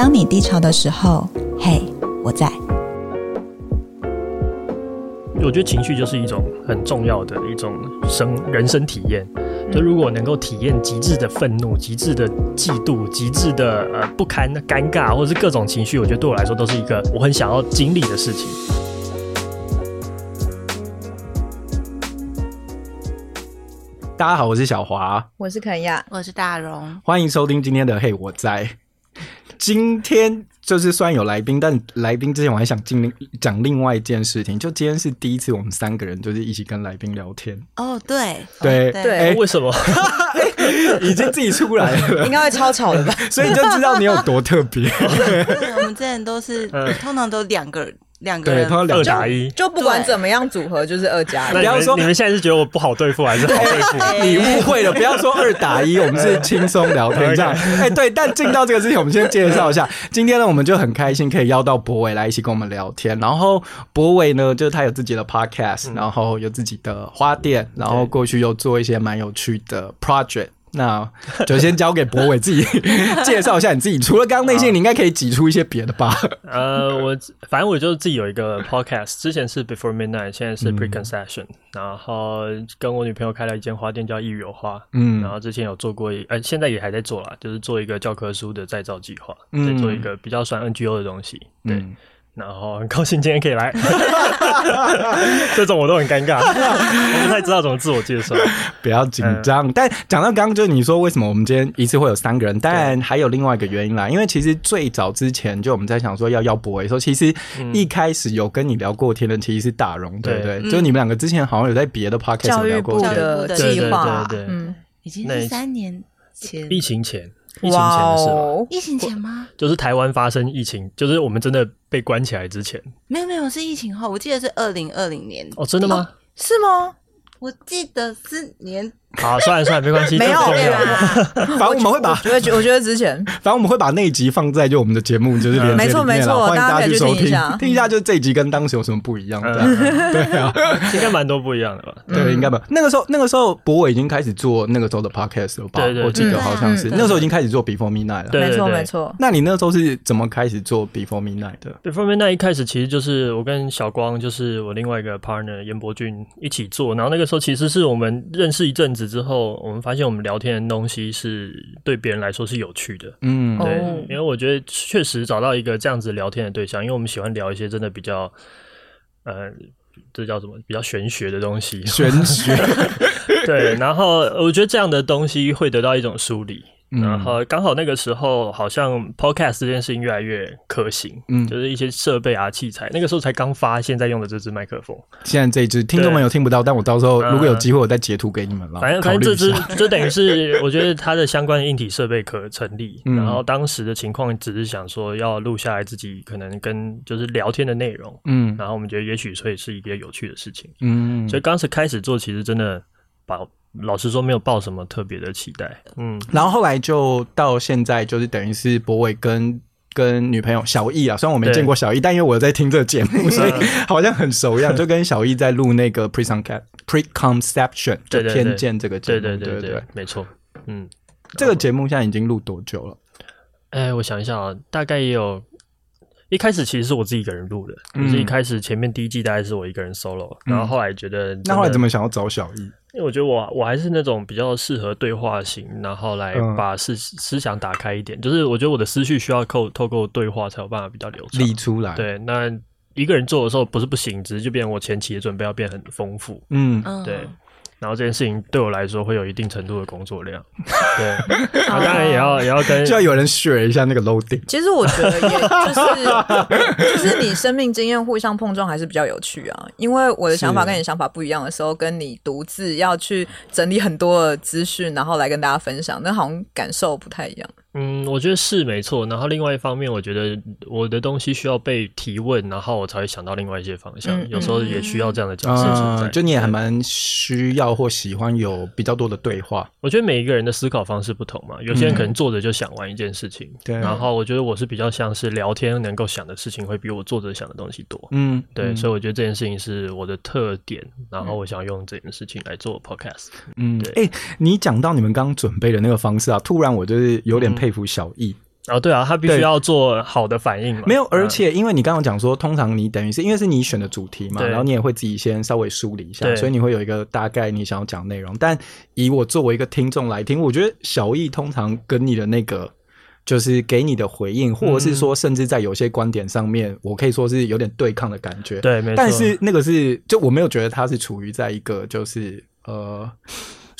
當你低潮的時候，嘿、hey，我在。我覺得情緒就是一種很重要的一種生人生體驗。就如果能夠體驗極致的憤怒、極致的嫉妒、極致的呃不堪、尷尬，或者是各種情緒，我覺得對我來說都是一個我很想要經歷的事情、嗯。大家好，我是小華，我是肯亞，我是大容，歡迎收聽今天的、hey，《嘿我在》。今天就是雖然有來賓，但來賓之前我還想進，講另外一件事情。就今天是第一次，我們三個人就是一起跟來賓聊天。哦，對，對對，欸，為什麼？ 已經自己出來了，應該會超吵的吧？所以你就知道你有多特別。哦。 哦。 我們之前都是通常都兩個人。兩個人，對他兩就二打一就，就不管怎麼樣組合，就是二加一。 不要說你們現在是覺得我不好對付，還是好對付？ 你誤會了，不要說二打一， 我們是輕鬆聊天 這樣。哎、okay. 欸，對，但進到這個之前，我們先介紹一下。 今天呢，我們就很開心可以邀到柏韋來一起跟我們聊天。然後柏韋呢，就是他有自己的 podcast，、嗯、然後有自己的花店，然後過去又做一些蠻有趣的 project。那就先交給柏韋自己 介紹一下你自己。除了剛剛那些，你應該可以擠出一些別的吧？呃，我反正我就是自己有一個 podcast，之前是 Before Midnight，現在是 Preconception，、嗯、然後跟我女朋友開了一間花店叫一隅有花。嗯，然後之前有做過一，呃，現在也還在做啦，就是做一個教科書的再造計劃，嗯、再做一個比較算 NGO 的東西。對。嗯然、no, 後很高興今天可以來， 這種我都很尷尬， 我不太知道怎麼自我介紹， 不要緊張、嗯。但講到剛剛，就你說為什麼我們今天一次會有三個人？當然還有另外一個原因啦、嗯，因為其實最早之前就我們在想說要邀柏韋，說其實一開始有跟你聊過的天的，其實是大容、嗯，對不對？對嗯、就你們兩個之前好像有在別的 podcast 聊過天，教育部對對對，對，對嗯，已經是三年前疫情前，疫情前的時候。疫情前嗎？就是台灣發生疫情，就是我們真的。被關起來之前，沒有沒有是疫情後，我記得是二零二零年哦，真的嗎？哦，是嗎？我記得是年。 好，算了算了，沒關係，沒有沒有、啊、反正我們會把，我覺得我覺得值錢。反正我們會把那一集放在就我們的節目，就是連接裡面了，嗯、沒錯沒錯然後，歡迎大家去收聽，聽一下，聽一下就這一集跟當時有什麼不一樣，這樣、嗯、對啊， 應該蠻多不一樣的吧？對，嗯、應該蠻。那個時候，那個時候柏韋已經開始做那個時候的 podcast 了吧，對，對對，我記得、嗯、好像是那個、時候已經開始做 Before Midnight 了，沒錯沒錯。那你那個時候是怎麼開始做 Before Midnight 的？Before Midnight 一開始其實就是我跟小光，就是我另外一個 partner 延伯俊一起做，然後那個時候其實是我們認識一陣子。之後，我們發現我們聊天的東西是對別人來說是有趣的，嗯，對，因為我覺得確實找到一個這樣子聊天的對象，因為我們喜歡聊一些真的比較，嗯、呃，這叫什麼？比較玄學的東西，玄學， 對。然後我覺得這樣的東西會得到一種梳理。然後剛好那個時候，好像 podcast 這件事情越來越可行，嗯，就是一些設備啊器材，那個時候才剛發現在用的這只麥克風，現在這只聽眾朋友聽不到，但我到時候如果有機會，我再截圖給你們、呃、反正反正這支就等於是我覺得它的相關硬體設備可成立、嗯，然後當時的情況只是想說要錄下來自己可能跟就是聊天的內容，嗯，然後我們覺得也許所以是一個有趣的事情，嗯，所以剛才開始做其實真的把。老實說，沒有抱什麼特別的期待。嗯，然後後來就到現在，就是等於是柏韋跟跟女朋友小易啊，雖然我沒見過小易，但因為我在聽這個節目， 所以好像很熟一樣， 就跟小易在錄那個 Preconception, Preconception, 對對對對《Preconception》的偏見這個節目。對對對對，對，對，對，沒錯。嗯，這個節目現在已經錄多久了？哎，我想一想啊，大概也有，一開始其實是我自己一個人錄的，嗯，就是一開始前面第一季大概是我一個人 solo，嗯、然後後來覺得、嗯、那後來怎麼想要找小易？因為我覺得我我還是那種比較適合對話型，然後來把思、嗯、思想打開一點，就是我覺得我的思緒需要透透過對話才有辦法比較流暢理出來。對，那一個人做的時候不是不行，只是就變成我前期的準備要變很豐富。嗯，對。Oh. 然後這件事情對我來說會有一定程度的工作量，對，當 然、啊、 也要也要跟，就要有人 share 一下那個 loading。其實我覺得也就是就是 你生命經驗互相碰撞還是比較有趣啊，因為我的想法跟你想法不一樣的時候，跟你獨自要去整理很多的資訊，然後來跟大家分享，那好像感受不太一樣。嗯，我覺得是沒錯。然後另外一方面，我覺得我的東西需要被提問，然後我才會想到另外一些方向。嗯、有時候也需要這樣的角色存在、嗯。就你也還蠻需要或喜歡有比較多的對話。我覺得每一個人的思考方式不同嘛，有些人可能坐着就想完一件事情、嗯。然後我覺得我是比較像是聊天能夠想的事情會比我坐着想的東西多。嗯，對嗯。所以我覺得這件事情是我的特點。嗯、然後我想用這件事情來做 podcast。嗯，對。哎、欸，你講到你們剛準備的那個方式啊，突然我就是有點。佩服小易啊、哦，對啊，他必須要做好的反應。沒有，而且因為你剛剛講說，通常你等於是因為是你選的主題嘛，然後你也會自己先稍微梳理一下，所以你會有一個大概你想要講的內容。但以我作為一個聽眾來聽，我覺得小易通常跟你的那個就是給你的回應，或者是說甚至在有些觀點上面，嗯、我可以說是有點對抗的感覺。對，但是那個是就我沒有覺得他是處於在一個就是呃。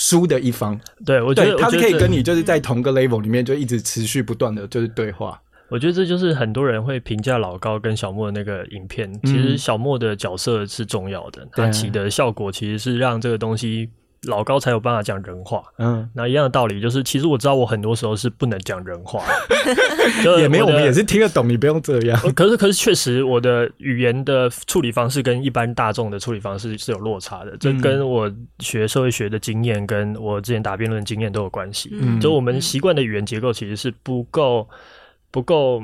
輸的一方，對，我覺得他可以跟你就是在同個 level 裡面就一直持續不斷的就是對話。我覺得這就是很多人會評價老高跟小莫的那個影片。其實小莫的角色是重要的、嗯，他起的效果其實是讓這個東西。老高才有辦法講人話，嗯，那一樣的道理就是，其實我知道我很多時候是不能講人話， 也沒有，我們也是聽得懂，你不用這樣。可是，可是確實，我的語言的處理方式跟一般大眾的處理方式是有落差的，這、嗯、跟我學社會學的經驗，跟我之前打辯論經驗都有關係、嗯。就我們習慣的語言結構其實是不夠，不夠。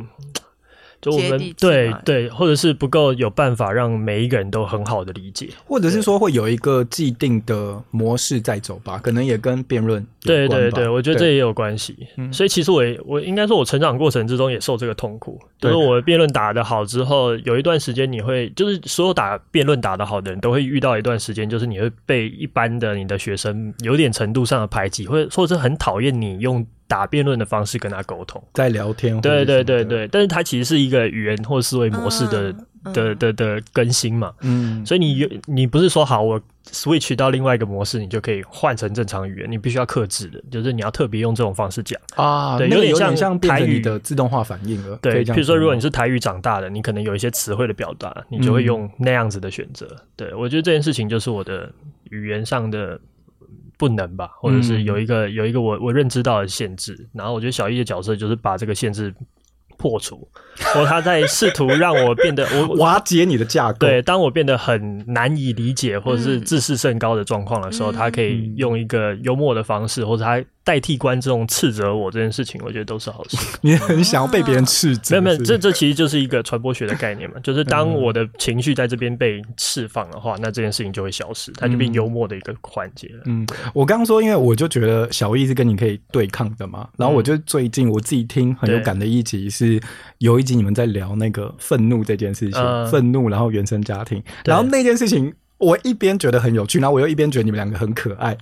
所以我們對對，或者是不夠有辦法讓每一個人都很好的理解，或者是說會有一個既定的模式在走吧，可能也跟辯論，對對對，對，我覺得這也有關係。所以其實我我應該說，我成長過程之中也受這個痛苦。就是我辯論打得好之後，有一段時間你會，就是所有打辯論打得好的人都會遇到一段時間，就是你會被一般的你的學生有點程度上的排擠，或者或者是很討厭你用打辯論的方式跟他溝通，在聊天。對對對對，但是它其實是一個語言或思維模式的的的的，的更新嘛。嗯，所以你你不是說好我 switch 到另外一個模式，你就可以換成正常語言？你必須要克制的，就是你要特別用這種方式講啊。對，有點像台語、那個、像的自動化反應了。對，譬如說如果你是台語長大的，你可能有一些詞彙的表達，你就會用那樣子的選擇、嗯。對，我覺得這件事情就是我的語言上的。不能吧，或者是有一個、嗯、有一個我我認知到的限制，然後我覺得小易的角色就是把這個限制破除，或他在試圖讓我變得 我瓦解你的架構。對，當我變得很難以理解或者是自視甚高的狀況的時候、嗯，他可以用一個幽默的方式，嗯、或者他。代替觀眾斥責我這件事情，我覺得都是好事。 你很想要被別人斥責？沒、oh. 有，沒 有，這這其實就是一個傳播學的概念嘛， 就是當我的情緒在這邊被釋放的話、嗯，那這件事情就會消失，它就變幽默的一個環節了。嗯，我剛剛說，因為我就覺得小易是跟你可以對抗的嘛、嗯。然後我就最近我自己聽很有感的一集是有一集你們在聊那個憤怒這件事情，憤、嗯、怒然後原生家庭，然後那件事情。我一邊覺得很有趣，然後我又一邊覺得你們兩個很可愛，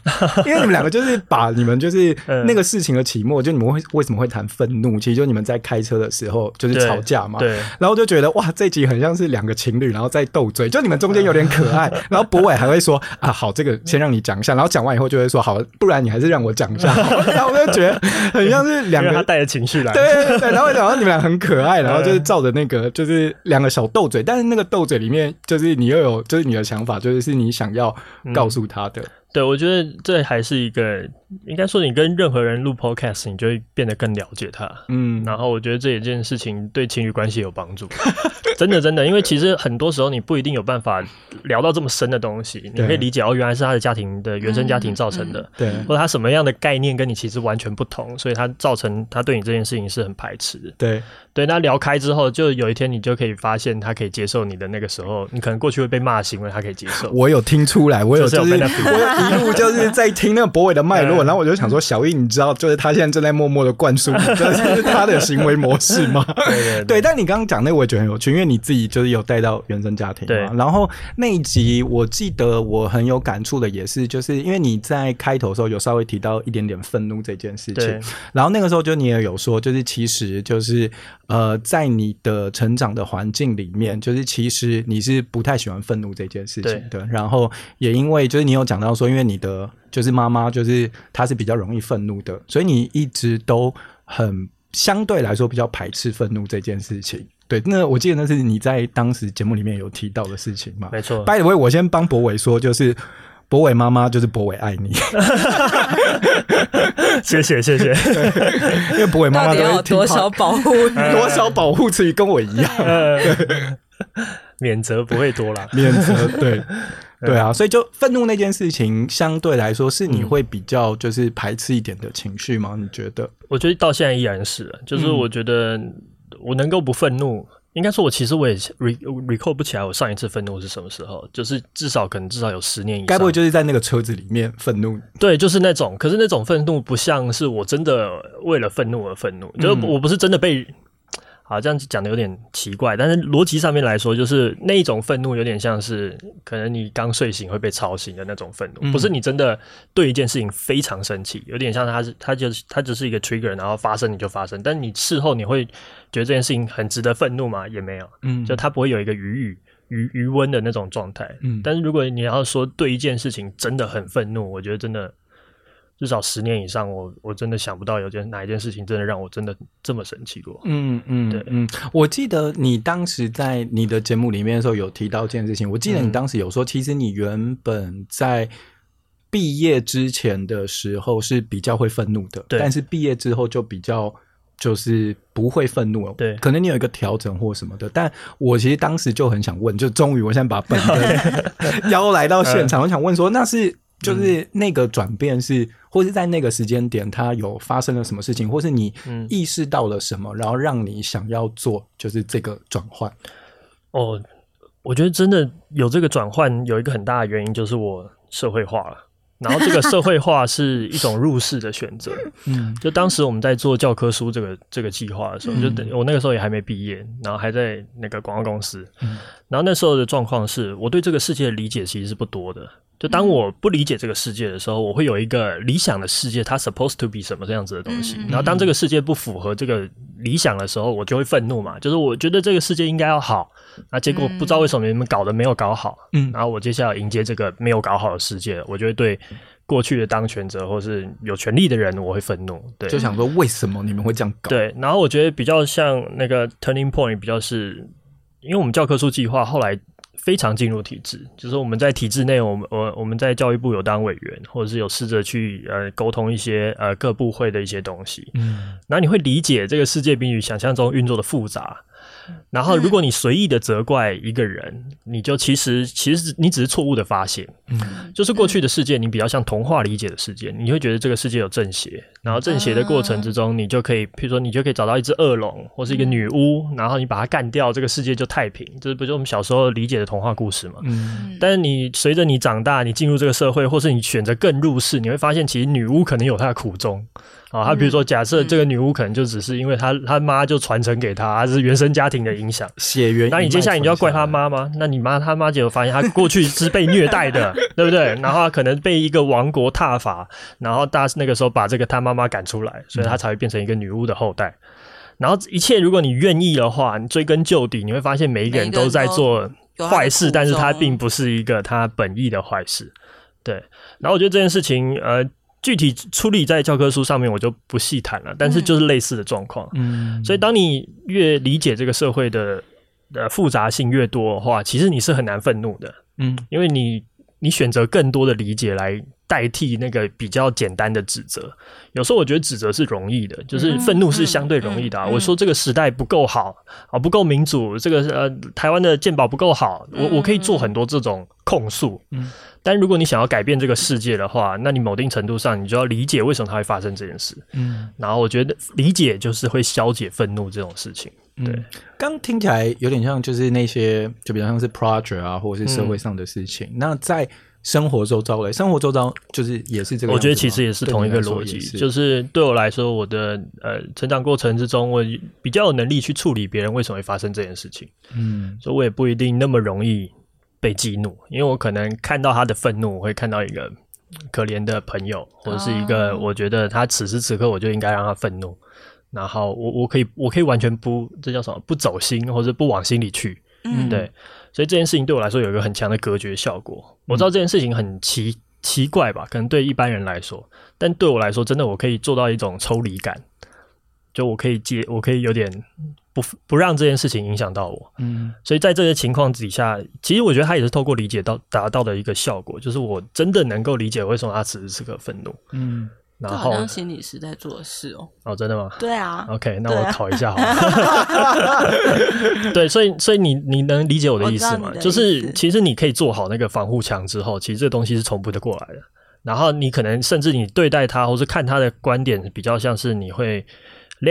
因為你們兩個就是把你們就是那個事情的起末、嗯，就你們會為什麼會談憤怒，其實就你們在開車的時候就是吵架嘛，對。對然後就覺得哇，這一集很像是兩個情侶，然後在鬥嘴，就你們中間有點可愛。嗯、然後柏韋還會說 啊，好，這個先讓你講一下，然後講完以後就會說好，不然你還是讓我講一下。然後我就覺得很像是兩個人帶着情緒來對，對。然後，然後你們倆很可愛，然後就是照着那個、嗯、就是兩個小鬥嘴，但是那個鬥嘴裡面就是你又有就是你的想法。就是是你想要告訴他的，嗯，對，我覺得這還是一個、欸。應該說，你跟任何人錄 podcast，你就會變得更了解他。嗯，然後我覺得這一件事情對情侶關係有幫助， 真的真的，因為其實很多時候你不一定有辦法聊到這麼深的東西，你可以理解哦，原來是他的家庭的原生家庭造成的，對、嗯嗯，或者他什麼樣的概念跟你其實完全不同，所以他造成他對你這件事情是很排斥。對對，那聊開之後，就有一天你就可以發現他可以接受你的那個時候，你可能過去會被罵的行為，他可以接受。我有聽出來，我有就來、是就是、 我一路就是在聽那個柏韋的脈絡。 然後我就想說，小易，你知道，就是他現在正在默默的灌輸你，就是他的行為模式嗎？ 對，對，對，對，但你剛剛講的，我也覺得很有趣，因為你自己就是有帶到原生家庭嘛。嘛。然後那一集，我記得我很有感觸的，也是就是因為你在開頭的時候有稍微提到一點點憤怒這件事情。然後那個時候就你也有說，就是其實就是呃，在你的成長的環境裡面，就是其實你是不太喜歡憤怒這件事情的。然後也因為就是你有講到說，因為你的。就是媽媽，就是她是比較容易憤怒的，所以你一直都很相對來說比較排斥憤怒這件事情。對，那我記得那是你在當時節目裡面有提到的事情嘛？沒錯。拜托，我先幫柏韋說，就是柏韋媽媽，媽媽就是柏韋愛你。 謝謝謝謝，， 因為柏韋媽媽要多少保護，多少保護，自己跟我一樣、 嗯嗯，免責不會多了，免責對。對啊，所以就憤怒那件事情相對來說是你會比較就是排斥一點的情緒嗎？嗯、你覺得？我覺得到現在依然是，就是我覺得我能夠不憤怒，嗯、應該說我其實我也 rec record 不起來我上一次憤怒是什麼時候，就是至少可能至少有十年以上。該不會就是在那個車子裡面憤怒？對，就是那種，可是那種憤怒不像是我真的為了憤怒而憤怒，就是我不是真的被。嗯好，這樣子講的有點奇怪，但是邏輯上面來說，就是那一種憤怒，有點像是可能你剛睡醒會被吵醒的那種憤怒，嗯，不是你真的對一件事情非常生氣，有點像他是他就是他只是一個 trigger，然後發生你就發生，但你事後你會覺得這件事情很值得憤怒嗎？也沒有，嗯，就他不會有一個餘餘餘溫的那種狀態。嗯，但是如果你要說對一件事情真的很憤怒，我覺得真的。至少十年以上我，我我真的想不到有件哪一件事情真的讓我真的這麼神奇過。嗯嗯對嗯，我記得你當時在你的節目裡面的時候有提到這件事情，我記得你當時有說，其實你原本在畢業之前的時候是比較會憤怒的，對，但是畢業之後就比較就是不會憤怒了，對，可能你有一個調整或什麼的。但我其實當時就很想問，就終於我現在把柏韋 邀來到現場、 嗯，我想問說那是。就是那個轉變是，或是在那個時間點，它有發生了什麼事情，或是你意識到了什麼，嗯，然後讓你想要做，就是這個轉換。哦，我覺得真的有這個轉換，有一個很大的原因就是我社會化了，然後這個社會化是一種入世的選擇。嗯， 就當時我們在做教科書這個這個計劃的時候，就等我那個時候也還沒畢業，然後還在那個廣告公司，然後那時候的狀況是我對這個世界的理解其實是不多的。就當我不理解這個世界的時候，嗯、我會有一個理想的世界，它 supposed to be 什麼這樣子的東西，嗯。然後當這個世界不符合這個理想的時候，我就會憤怒嘛。就是我覺得這個世界應該要好，那、啊、結果不知道為什麼你們搞得沒有搞好。嗯，然後我接下來迎接這個沒有搞好的世界，嗯，我就會對過去的當權者或是有權利的人，我會憤怒。對，就想說為什麼你們會這樣搞？對，然後我覺得比較像那個 turning point，比較是，因為我們教科書計劃後來。非常進入體制，就是我們在體制內，我們我我們在教育部，有當委員，或者是有試着去呃溝通一些呃各部會的一些東西。嗯，那你會理解這個世界比你想象中運作的複雜。然後，如果你隨意的責怪一個人，嗯、你就其實其實你只是錯誤的發現，嗯，就是過去的世界，你比較像童話理解的世界，你會覺得這個世界有正邪，然後正邪的過程之中，嗯、你就可以，譬如說你就可以找到一隻惡龍或是一個女巫，嗯、然後你把它幹掉，這個世界就太平。這不就是我們小時候理解的童話故事嘛，嗯？但是你隨着你長大，你進入這個社會，或是你選擇更入世，你會發現其實女巫可能有她的苦衷。啊，他比如說，假設這個女巫可能就只是因為他、嗯、她他媽就傳承給她，這是原生家庭的影響。血緣，那你接下來你就要怪他媽嗎？那你媽他媽就發現他過去是被虐待的， 對不對？然後可能被一個王國踏伐，然後大那個時候把這個他媽媽趕出來，所以他才會變成一個女巫的後代。嗯、然後一切，如果你願意的話，你追根究底，你會發現每一個人都在做壞事，但是他並不是一個他本意的壞事。對。然後我覺得這件事情，呃。具體處理在教科書上面，我就不細談了。但是就是類似的狀況，嗯嗯，嗯，所以當你越理解這個社會的複雜性越多的話，其實你是很難憤怒的，嗯，因為你你選擇更多的理解來代替那個比較簡單的指責。有時候我覺得指責是容易的，就是憤怒是相對容易的，啊嗯嗯嗯嗯嗯。我說這個時代不夠好啊，不夠民主，這個呃台灣的健保不夠好，我我可以做很多這種控訴，嗯。嗯嗯嗯但如果你想要改變這個世界的話，那你某定程度上，你就要理解為什麼它會發生這件事。嗯，然後我覺得理解就是會消解憤怒這種事情。對，剛、嗯、聽起來有點像就是那些，就比較像是 project 啊，或者是社會上的事情。嗯、那在生活周遭嘞，生活周遭就是也是這個，我覺得其實也是同一個邏輯。就是對我來說，我的呃成長過程之中，我比較有能力去處理別人為什麼會發生這件事情。嗯，所以我也不一定那麼容易被激怒，因為我可能看到他的憤怒，我會看到一個可憐的朋友，或者是一個我覺得他此時此刻我就應該讓他憤怒，哦嗯、然後我我可以我可以完全不，這叫什麼？不走心，或者不往心裡去。嗯，對。所以這件事情對我來說有一個很強的隔絕效果。嗯，我知道這件事情很奇奇怪吧？可能對一般人來說，但對我來說，真的我可以做到一種抽離感，就我可以接，我可以有點。不不讓這件事情影響到我，嗯，所以在這些情況底下，其實我覺得他也是透過理解到達到的一個效果，就是我真的能夠理解為什麼他此時此刻憤怒，嗯，然後心你是在做事哦，哦，真的嗎？對啊，OK，那我考一下好了。對啊， 對，所以所以你你能理解我的意思嗎意思？就是其實你可以做好那個防護牆之後，其實這個東西是衝不過來的，然後你可能甚至你對待他或是看他的觀點，比較像是你會，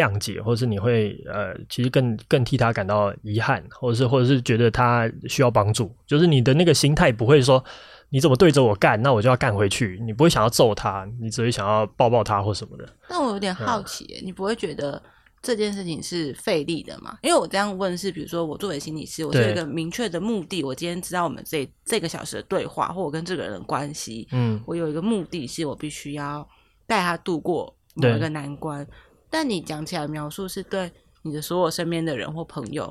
諒解，或是你會呃，其實更更替他感到遺憾，或者是或者是覺得他需要幫助，就是你的那個心態不會說你怎麼對着我幹，那我就要幹回去，你不會想要揍他，你只會想要抱抱他或什麼的。那我有點好奇，欸，嗯，你不會覺得這件事情是費力的嗎？因為我這樣問的是，比如說我作為心理師，我是有一個明確的目的，我今天知道我們這這個小時的對話，或我跟這個人的關係，嗯，我有一個目的是我必須要帶他度過某一個難關。但你講起來描述是對你的所有身邊的人或朋友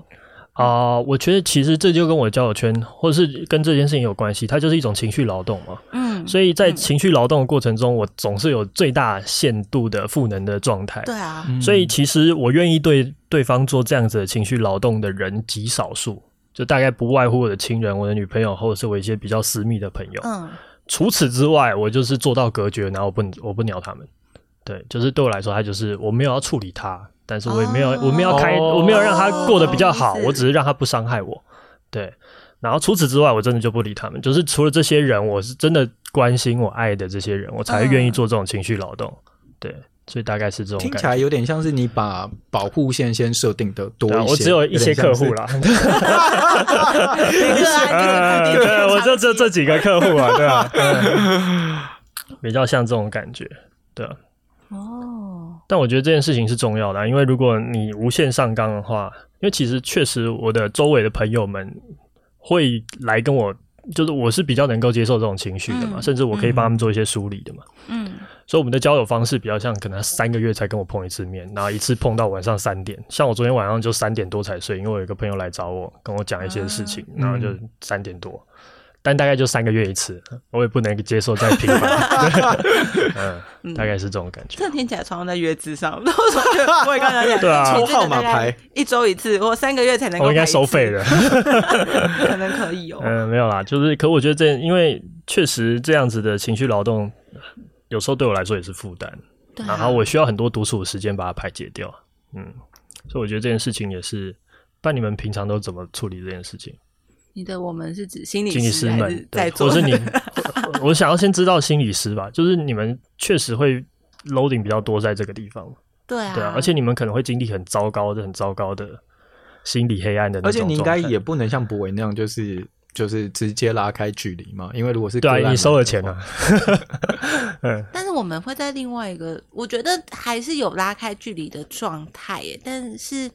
啊、呃，我覺得其實這就跟我交友圈，或者是跟這件事情有關係，它就是一種情緒勞動嘛。嗯，所以在情緒勞動的過程中、嗯，我總是有最大限度的賦能的狀態。對啊，所以其實我願意對對方做這樣子的情緒勞動的人極少數，就大概不外乎我的親人、我的女朋友，或者是我一些比較私密的朋友。嗯，除此之外，我就是做到隔絕，然後我不我不鳥他們。對，就是對我來說，他就是我沒有要處理他，但是我也沒有，oh, 我沒有開，oh, 我沒有讓他過得比較好，oh, 我只是讓他不傷害我。對，然後除此之外，我真的就不理他們。就是除了這些人，我是真的關心我愛的這些人，我才願意做這種情緒勞動。Uh, 對，所以大概是這種感覺。聽起來有點像是你把保護線先設定的多一些，對啊，我只有一些客戶啦，哈哈哈哈哈哈，對啊，我就只有這幾個客戶啊，對吧？對啊。 比較像這種感覺，對啊。哦，但我覺得這件事情是重要的，啊，因為如果你無限上綱的話，因為其實確實我的周圍的朋友們會來跟我，就是我是比較能夠接受這種情緒的嘛，嗯，甚至我可以幫他們做一些梳理的嘛。嗯，所以我們的交友方式比較像，可能三個月才跟我碰一次面，然後一次碰到晚上三點，像我昨天晚上就三點多才睡，因為我有一個朋友來找我，跟我講一些事情，嗯，然後就三點多。但大概就三個月一次，我也不能接受再頻繁、 嗯。嗯，大概是這種感覺。這、嗯、天假裝在月子上，我覺得我剛剛抽號碼牌， 啊、一周一次 我三個月才能。我應該收費的，可能可以哦。嗯，沒有啦，就是。可我覺得這，因為確實這樣子的情緒勞動，有時候對我來說也是負擔。對、啊。然後我需要很多獨處的時間把它排解掉。嗯，所以我覺得這件事情也是。但你們平常都怎麼處理這件事情？你的我們是指心理師，心理師們在的對，或是你我？我想要先知道心理師吧， 就是你們確實會 loading 比較多在這個地方，對啊，對啊，而且你們可能會經歷很糟糕的，很糟糕的心理黑暗的那種，而且你應該也不能像柏韋那樣，就是就是直接拉開距離嘛，因為如果是對啊，你收了錢了， 但是我們會在另外一個，我覺得還是有拉開距離的狀態耶，但是。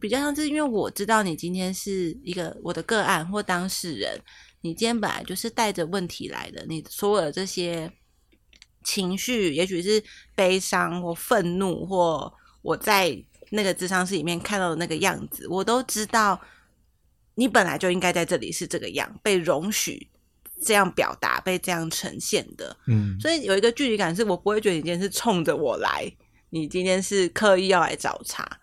比較像是因為我知道你今天是一個我的個案或當事人，你今天本來就是帶着問題來的，你所有的這些情緒，也許是悲傷或憤怒，或我在那個諮商室裡面看到的那個樣子，我都知道，你本來就應該在這裡是這個樣，被容許這樣表達，被這樣呈現的。嗯，所以有一個距離感是，是我不會覺得你今天是衝着我來，你今天是刻意要來找茬。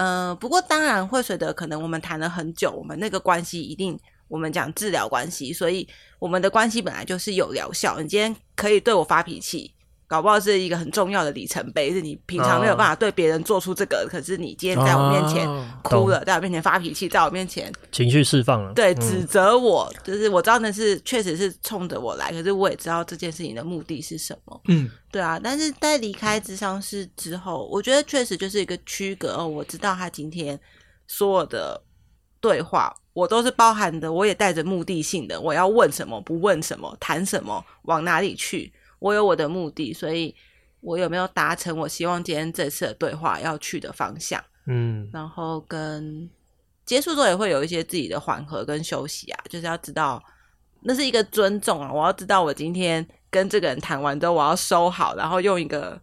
呃，不過當然會隨着，水可能我們談了很久，我們那個關係一定，我們講治療關係，所以我們的關係本來就是有療效。你今天可以對我發脾氣。搞不好是一個很重要的里程碑，就是你平常沒有辦法對別人做出這個，oh. 可是你今天在我面前哭了，oh. 在我面前發脾氣，在我面前情緒釋放了，對，指責我，嗯、就是我知道那是確實是衝着我來，可是我也知道這件事情的目的是什麼，嗯，對啊，但是在離開諮商師之後，我覺得確實就是一個區隔哦，我知道他今天說我的對話，我都是包含的，我也帶着目的性的，我要問什麼，不問什麼，談什麼，往哪裡去。我有我的目的，所以我有沒有達成，我希望今天這次的對話要去的方向，嗯，然後跟結束之後也會有一些自己的緩和跟休息啊，就是要知道那是一個尊重啊，我要知道我今天跟這個人談完之後，我要收好，然後用一個。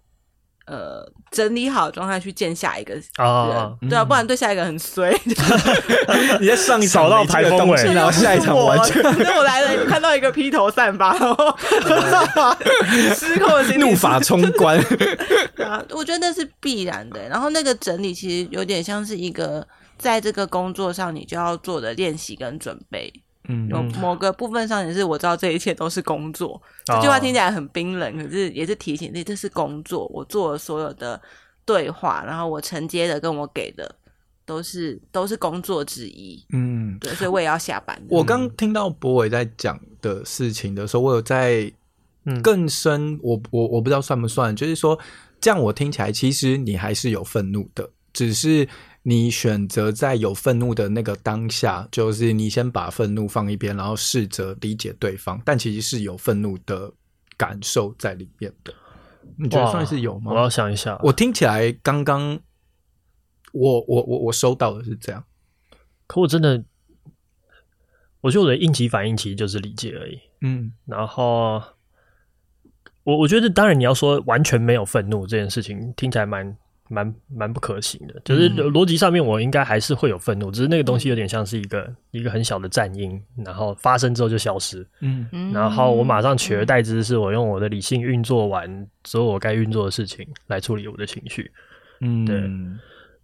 呃，整理好狀態去見下一個、oh, 啊，對、嗯、啊，不然對下一個很衰。 你在上一掃到颱風尾， 然後下一場完全我來了，你 看到一個披頭散髮，然後 失控的心，怒髮衝冠 啊、我覺得那是必然的。然後那個整理其實有點像是一個，在這個工作上你就要做的練習跟準備。 有某個部分上也是，我知道這一切都是工作。這句話聽起來很冰冷，可是也是提醒你，這是工作。我做了所有的對話，然後我承接的跟我給的，都是都是工作之一。嗯，對，所以我也要下班。我，我剛聽到柏韋在講的事情的時候，我有在更深，我我我不知道算不算，就是說這樣我聽起來，其實你還是有憤怒的，只是。你選擇在有憤怒的那個當下，就是你先把憤怒放一邊，然後試着理解對方，但其實是有憤怒的感受在裡面的。你覺得算是有嗎？我要想一下。我聽起來剛剛，我我我我收到的是這樣，可我真的，我覺得我的應急反應其實就是理解而已。嗯，然後我我覺得，當然你要說完全沒有憤怒這件事情，聽起來蠻。蠻蠻不可行的，就是邏輯上面我應該還是會有憤怒，嗯，只是那個東西有點像是一個一個很小的戰音，然後發生之後就消失。嗯嗯，然後我馬上取而代之，是我用我的理性運作完所，嗯，有我該運作的事情來處理我的情緒。嗯，對。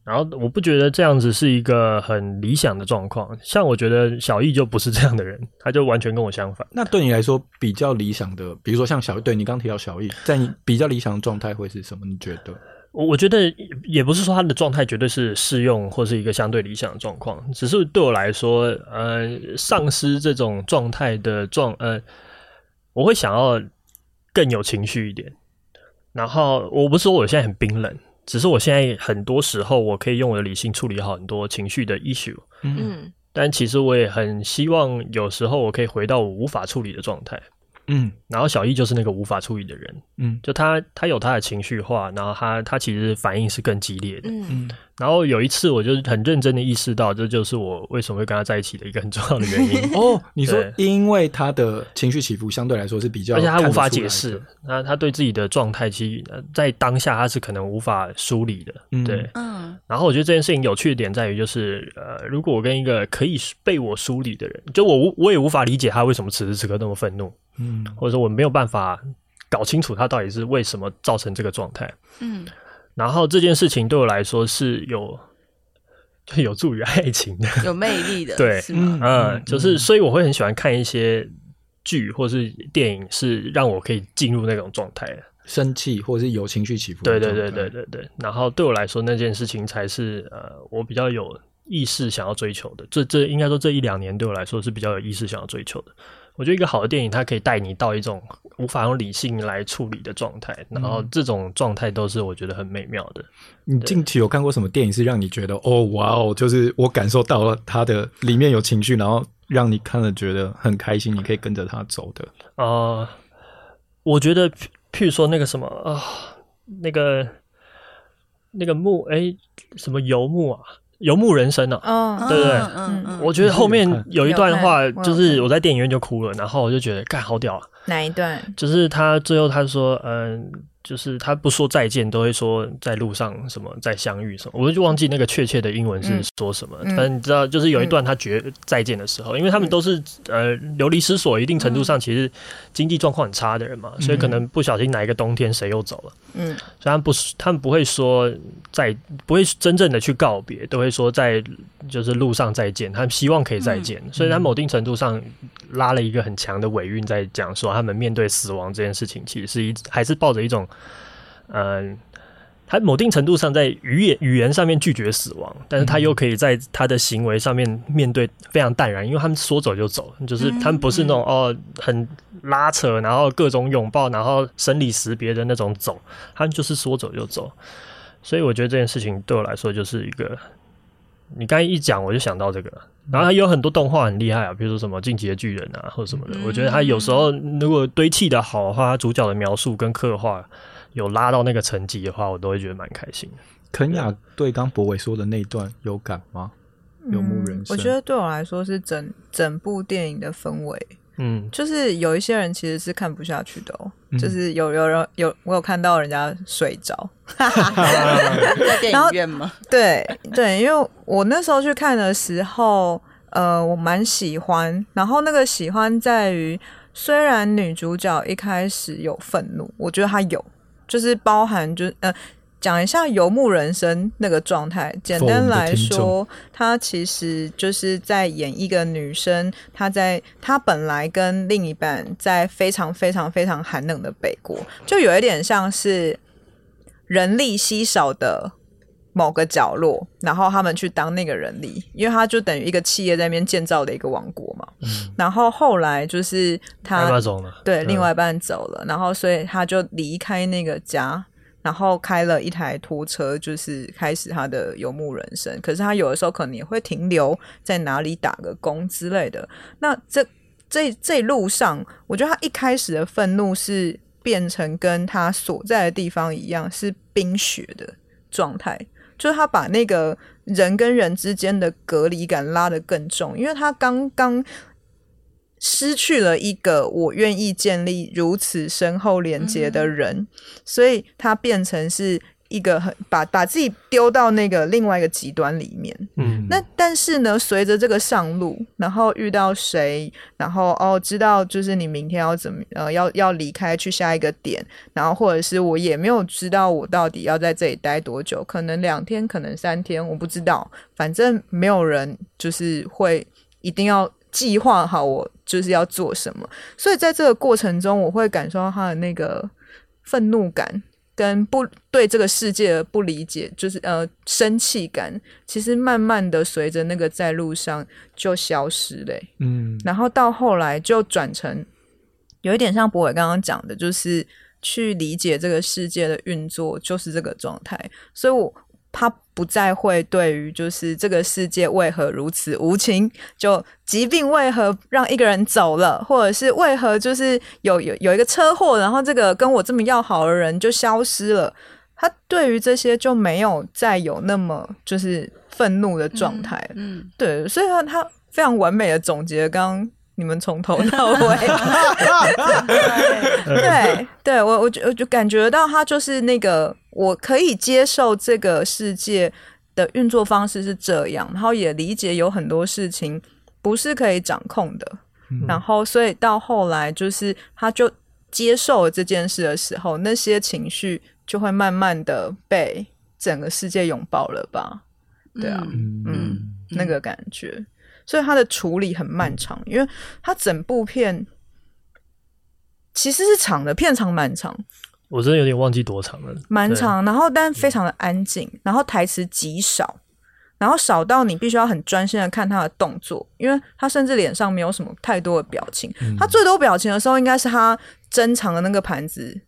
然後我不覺得這樣子是一個很理想的狀況，像我覺得小易就不是這樣的人，他就完全跟我相反。那對你來說比較理想的，比如說像小易，對你剛提到小易，在你比較理想的狀態會是什麼？你覺得？我我覺得也不是說他的狀態絕對是適用或是一個相對理想的狀況，只是對我來說，呃，喪失這種狀態的狀，呃，我會想要更有情緒一點。然後我不是說我現在很冰冷，只是我現在很多時候，我可以用我的理性處理好很多情緒的 issue。嗯，但其實我也很希望有時候我可以回到我無法處理的狀態。嗯，然後小易就是那個無法處理的人，嗯，就他他有他的情緒化，然後他他其實反應是更激烈的，嗯嗯。然後有一次，我就很認真的意識到，這就是我為什麼會跟他在一起的一個很重要的原因。哦，你說因為他的情緒起伏相對來說是比較，而且他無法解釋，那他對自己的狀態，其實在當下他是可能無法梳理的，嗯、對，嗯。然後我覺得這件事情有趣的點在於，就是呃，如果我跟一個可以被我梳理的人，就我我也無法理解他為什麼此時此刻那麼憤怒，嗯。或者說我沒有辦法搞清楚他到底是為什麼造成這個狀態。嗯，然後這件事情對我來說是有，就有助於愛情的，有魅力的， 對，是吧？嗯，嗯就是、嗯、所以我會很喜歡看一些劇或是電影，是讓我可以進入那種狀態的，生氣或者是有情緒起伏。對，對，對，對，對，對，對。然後對我來說，那件事情才是呃，我比較有意識想要追求的。這這應該說這一兩年對我來說是比較有意識想要追求的。我覺得一個好的電影，它可以帶你到一種無法用理性來處理的狀態，嗯，然後這種狀態都是我覺得很美妙的。你近期有看過什麼電影是讓你覺得哦，哇哦，就是我感受到了它，的裡面有情緒，然後讓你看了覺得很開心，你可以跟着它走的哦？嗯，我覺得譬，譬如說那個什麼啊，哦，那個那個木誒什麼游牧啊？遊牧人生呢、啊哦？對對對、嗯嗯，我覺得後面有一段話就就，就是我在電影院就哭了，然後我就覺得，幹好屌啊！哪一段？就是他最後他說，嗯。就是他不說再見，都會說在路上什麼再相遇什麼，我就忘記那個確切的英文是說什麼。嗯、但是你知道，就是有一段他絕再見的時候，嗯、因為他們都是、嗯、呃流離失所，一定程度上其實經濟狀況很差的人嘛、嗯，所以可能不小心哪一個冬天誰又走了。嗯，雖然不是他們不會說在，不會真正的去告別，都會說在就是路上再見，他們希望可以再見。嗯、所以，他某一定程度上拉了一個很強的尾韻，在講說他們面對死亡這件事情，其實是一還是抱着一種。嗯，他某種程度上在語言語言上面拒絕死亡，但是他又可以在他的行為上面面對非常淡然，嗯、因為他們說走就走，就是他們不是那種哦很拉扯，然後各種擁抱，然後生離死別的那種走，他們就是說走就走，所以我覺得這件事情對我來說就是一個。你剛才一講，我就想到這個。然後他有很多動畫很厲害啊，比如說什麼《進擊的巨人》啊，或者什麼的，嗯。我覺得他有時候如果堆砌的好的話，他主角的描述跟刻畫有拉到那個層級的話，我都會覺得蠻開心的。肯雅對剛柏韋說的那段有感嗎？嗯、有目人？我覺得對我來說是整整部電影的氛圍。嗯，就是有一些人其實是看不下去的喔，嗯，就是有有人有我有看到人家睡着，哈哈哈哈哈，在電影院嗎？對對，因為我那時候去看的時候，呃，我蠻喜歡，然後那個喜歡在於，雖然女主角一開始有憤怒，我覺得她有，就是包含就呃。講一下遊牧人生那個狀態，簡單來說，他其實就是在演一個女生，她在她本來跟另一半在非常非常非常寒冷的北國，就有一點像是人力稀少的某個角落，然後他們去當那個人力，因為他就等於一個企業在那邊建造的一個王國嘛。嗯。然後後來就是他，對，對，另外一半走了，然後所以他就離開那個家。然後開了一台拖車，就是開始他的游牧人生。可是他有的時候可能也會停留在哪裡打個工之類的。那這這這路上，我覺得他一開始的憤怒是變成跟他所在的地方一樣，是冰雪的狀態，就是他把那個人跟人之間的隔離感拉得更重，因為他剛剛。失去了一個我願意建立如此深厚連接的人，嗯，所以他變成是一個很把把自己丟到那個另外一個極端裡面。嗯，那但是呢，隨着這個上路，然後遇到誰，然後哦，知道就是你明天要怎麼呃，要要離開去下一個點，然後或者是我也沒有知道我到底要在這裡待多久，可能兩天，可能三天，我不知道，反正沒有人就是會一定要。計劃好我就是要做什麼，所以在這個過程中，我會感受到他的那個憤怒感跟不對這個世界的不理解，就是呃生氣感。其實慢慢的隨着那個在路上就消失了欸，嗯，然後到後來就轉成有一點像柏韋剛剛講的，就是去理解這個世界的運作，就是這個狀態。所以我。他不再會對於就是這個世界為何如此無情，就疾病為何讓一個人走了，或者是為何就是有有有一個車禍，然後這個跟我這麼要好的人就消失了，他對於這些就沒有再有那麼就是憤怒的狀態。嗯，嗯對，所以說他，他非常完美的總結剛剛你們從頭到尾， 對，對我，我就我就感覺到他就是那個。我可以接受這個世界的運作方式是這樣，然後也理解有很多事情不是可以掌控的，嗯、然後所以到後來就是他就接受了這件事的時候，那些情緒就會慢慢的被整個世界擁抱了吧？對啊，嗯，嗯，那個感覺、嗯，所以他的處理很漫長，因為他整部片其實是長的，片長蠻長。我真的有點忘記多長了，蠻長，然後但非常的安靜、嗯，然後台詞極少，然後少到你必須要很專心的看他的動作，因為他甚至臉上沒有什麼太多的表情，嗯、他最多表情的時候應該是他珍藏的那個盤子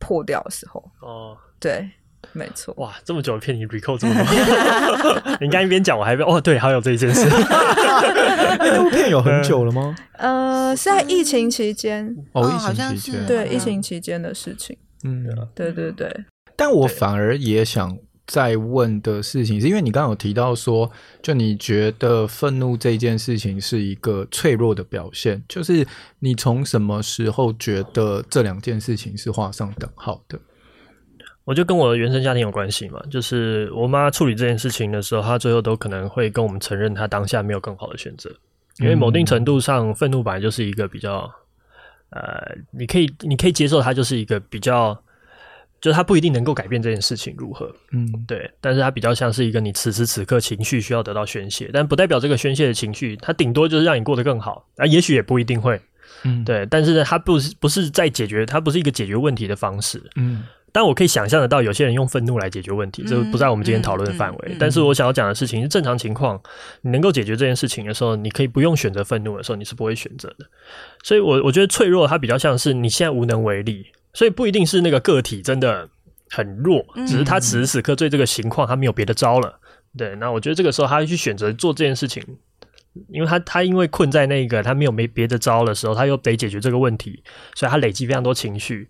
破掉的時候。哦、嗯，對，沒錯。哇，這麼久的片你這麼多， 你 recall 怎麼？你剛一邊講我還一邊哦，對，還有這一件事。那、 欸、部片有很久了嗎？呃，是在疫情期間、嗯、哦，哦，好像是對、嗯、疫情期間的事情。嗯、啊，對對對，但我反而也想再問的事情，是因為你剛剛有提到說，就你覺得憤怒這件事情是一個脆弱的表現，就是你從什麼時候覺得這兩件事情是畫上等號的？我就跟我的原生家庭有關係嘛，就是我媽處理這件事情的時候，她最後都可能會跟我們承認，她當下沒有更好的選擇，因為某一定程度上，憤怒本來就是一個比較。呃、uh，你可以，你可以接受它，就是一個比較，就是它不一定能夠改變這件事情如何，嗯，對，但是它比較像是一個你此時此刻情緒需要得到宣洩，但不代表這個宣洩的情緒，它頂多就是讓你過得更好，啊，也許也不一定會，嗯，對，但是呢，它不是，不是在解決，它不是一個解決問題的方式，嗯。但我可以想象得到，有些人用憤怒來解決問題，嗯，這不在我們今天討論的範圍。嗯嗯嗯，但是我想要講的事情是，正常情況，嗯嗯，你能夠解決這件事情的時候，你可以不用選擇憤怒的時候，你是不會選擇的。所以我，我我覺得脆弱，它比較像是你現在無能為力，所以不一定是那個個體真的很弱，嗯，只是他此時此刻對這個情況他沒有別的招了，嗯。對，那我覺得這個時候他去選擇做這件事情，因為他他因為困在那個他沒有沒別的招的時候，他又得解決這個問題，所以他累積非常多情緒。嗯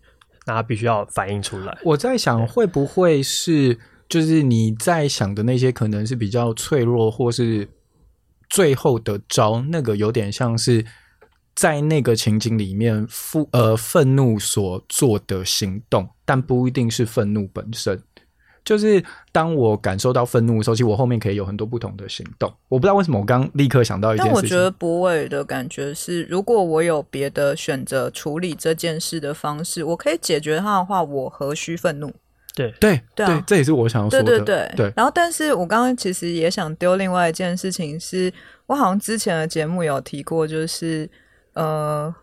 那他必須要反映出來。我在想，會不會是就是你在想的那些，可能是比較脆弱，或是最後的招，那個有點像是在那個情景裡面憤呃憤怒所做的行動，但不一定是憤怒本身。就是當我感受到憤怒的時候，其實我後面可以有很多不同的行動。我不知道為什麼我剛立刻想到一件事情。但我覺得柏韋的感覺是，如果我有別的選擇處理這件事的方式，我可以解決它的話，我何須憤怒？對對、啊、對，這也是我想要說的。對對對對。對。然後，但是我剛剛其實也想丟另外一件事情是，是我好像之前的節目有提過，就是呃。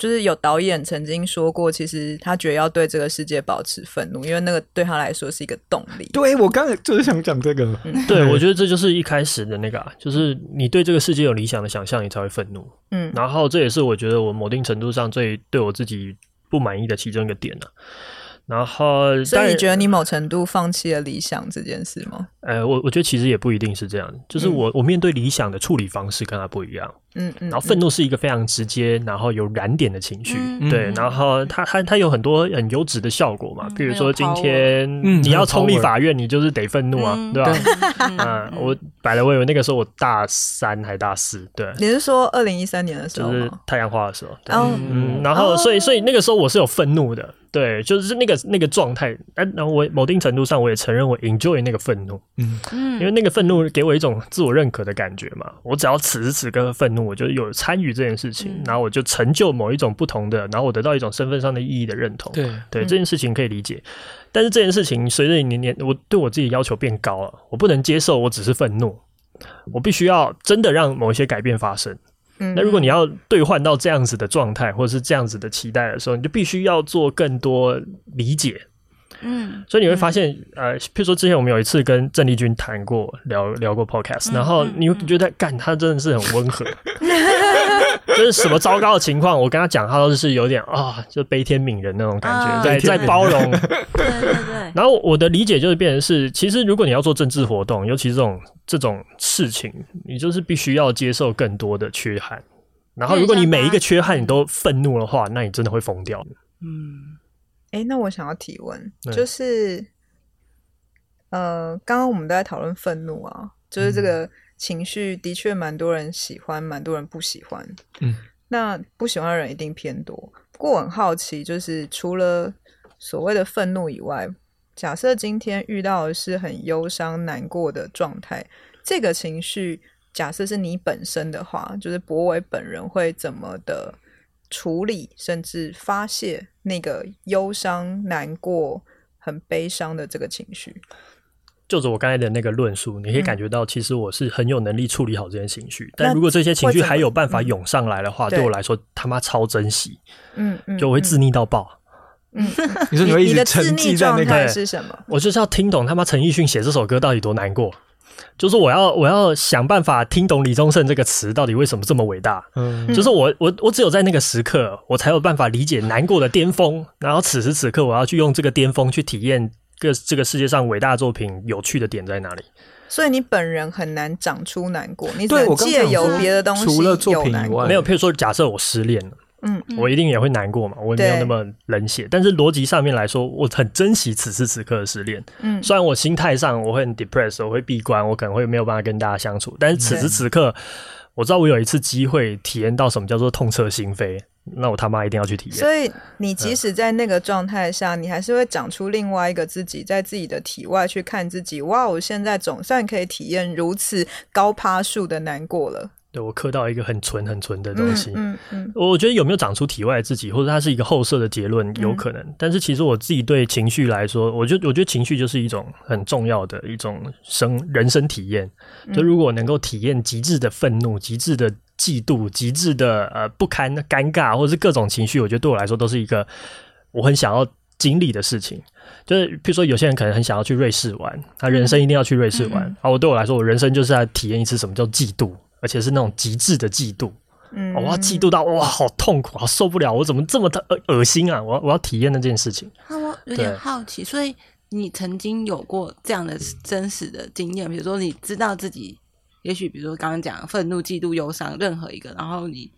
就是有導演曾經說過，其實他覺得要對這個世界保持憤怒，因為那個對他來說是一個動力。對，我剛才就是想講這個嘛。 對，我覺得這就是一開始的那個、啊，就是你對這個世界有理想的想象，你才會憤怒。嗯，然後這也是我覺得我某一定程度上最對我自己不滿意的其中一個點呢、啊。然後，所以你覺得你某程度放棄了理想這件事嗎？呃，我我覺得其實也不一定是這樣，就是我我面對理想的處理方式跟他不一樣。嗯嗯，然後憤怒是一個非常直接，嗯、然後有燃點的情緒，嗯、對、嗯，然後它它它有很多很優質的效果嘛，比、嗯、如說今天 power，你要衝立法院、嗯，你就是得憤怒啊，嗯、對吧？嗯，嗯嗯我擺了，我以為那個時候我大三還大四，對，你是說二零一三年的時候嗎？就是太陽花的時候，對嗯嗯，然後所以、哦、所以所以那個時候我是有憤怒的，對，就是那個那個狀態，哎，然後我某一定程度上我也承認我 enjoy 那個憤怒，嗯嗯，因為那個憤怒給我一種自我認可的感覺嘛，我只要此時此刻憤怒。我就有參與這件事情，然後我就成就某一種不同的，然後我得到一種身份上的意義的認同。對，對這件事情可以理解，嗯、但是這件事情隨着你年年，我對我自己要求變高了，我不能接受我只是憤怒，我必須要真的讓某一些改變發生。嗯，嗯，那如果你要兌換到這樣子的狀態，或者是這樣子的期待的時候，你就必須要做更多理解。嗯，所以你會發現、嗯，呃，譬如說之前我們有一次跟鄭麗君談過，聊聊過 podcast，、嗯、然後你會覺得，幹、嗯嗯，他真的是很溫和， 就是什麼糟糕的情況，我跟他講，他都是有點啊、哦，就悲天憫人那種感覺，對、哦，在包容。對,對對對。然後我的理解就是，變成是，其實如果你要做政治活動，尤其是這種這種事情，你就是必須要接受更多的缺憾。然後，如果你每一個缺憾你都憤怒的話，那你真的會瘋掉。嗯。哎，那我想要提問，就是、嗯，呃，剛剛我們都在討論憤怒啊，就是這個情緒的確蠻多人喜歡，蠻多人不喜歡。嗯，那不喜歡的人一定偏多。不過我很好奇，就是除了所謂的憤怒以外，假設今天遇到的是很憂傷、難過的狀態，這個情緒，假設是你本身的話，就是柏韋本人會怎麼的？處理甚至發洩那個憂傷、難過、很悲傷的這個情緒，就着我剛才的那個論述，你可以感覺到，其實我是很有能力處理好這些情緒、嗯。但如果這些情緒還有辦法湧上來的話、嗯，對，對我來說，他媽超珍惜，嗯嗯，嗯，就我會自溺到爆。嗯、 你說你會一直沉溺在那個？是什麼？我就是要聽懂他媽陳奕迅寫這首歌到底多難過。就是我要我要想辦法聽懂李宗盛這個詞到底為什麼這麼偉大。嗯，就是我我我只有在那個時刻，我才有辦法理解難過的巔峰。然後此時此刻，我要去用這個巔峰去體驗個這個世界上偉大的作品有趣的點在哪裡。所以你本人很難長出難過，你只能借由別的東西，除了作品以外，有難過，沒有。譬如說，假設我失戀了。嗯，嗯，我一定也會難過嘛，我也沒有那麼冷血，但是邏輯上面來說，我很珍惜此時此刻的失戀。嗯，雖然我心態上我會很 depress，我會閉關，我可能會沒有辦法跟大家相處，但是此時此刻，我知道我有一次機會體驗到什麼叫做痛徹心扉，那我他媽一定要去體驗。所以你即使在那個狀態下，嗯、你還是會長出另外一個自己，在自己的體外去看自己。哇、哦，我現在總算可以體驗如此高趴數的難過了。對，我磕到一個很純很純的東西。嗯嗯嗯，我覺得有沒有長出體外的自己，或者它是一個後設的結論，有可能，嗯。但是其實我自己對情緒來說，我覺得我覺得情緒就是一種很重要的一種生人生體驗。就如果能夠體驗極致的憤怒、極致的嫉妒、極致的呃不堪尷尬，或者是各種情緒，我覺得對我來說都是一個我很想要經歷的事情。就是譬如說，有些人可能很想要去瑞士玩，他人生一定要去瑞士玩。啊，嗯，我對我來說，我人生就是在體驗一次什麼叫嫉妒。而且是那種極致的嫉妒，嗯，哦、我要嫉妒到哇，好痛苦，好受不了，我怎麼這麼的噁心啊？我我要體驗那件事情，好，我有點好奇。所以你曾經有過這樣的真實的經驗，嗯，比如說你知道自己，也許比如說剛剛講憤怒、嫉妒、憂傷任何一個，然後你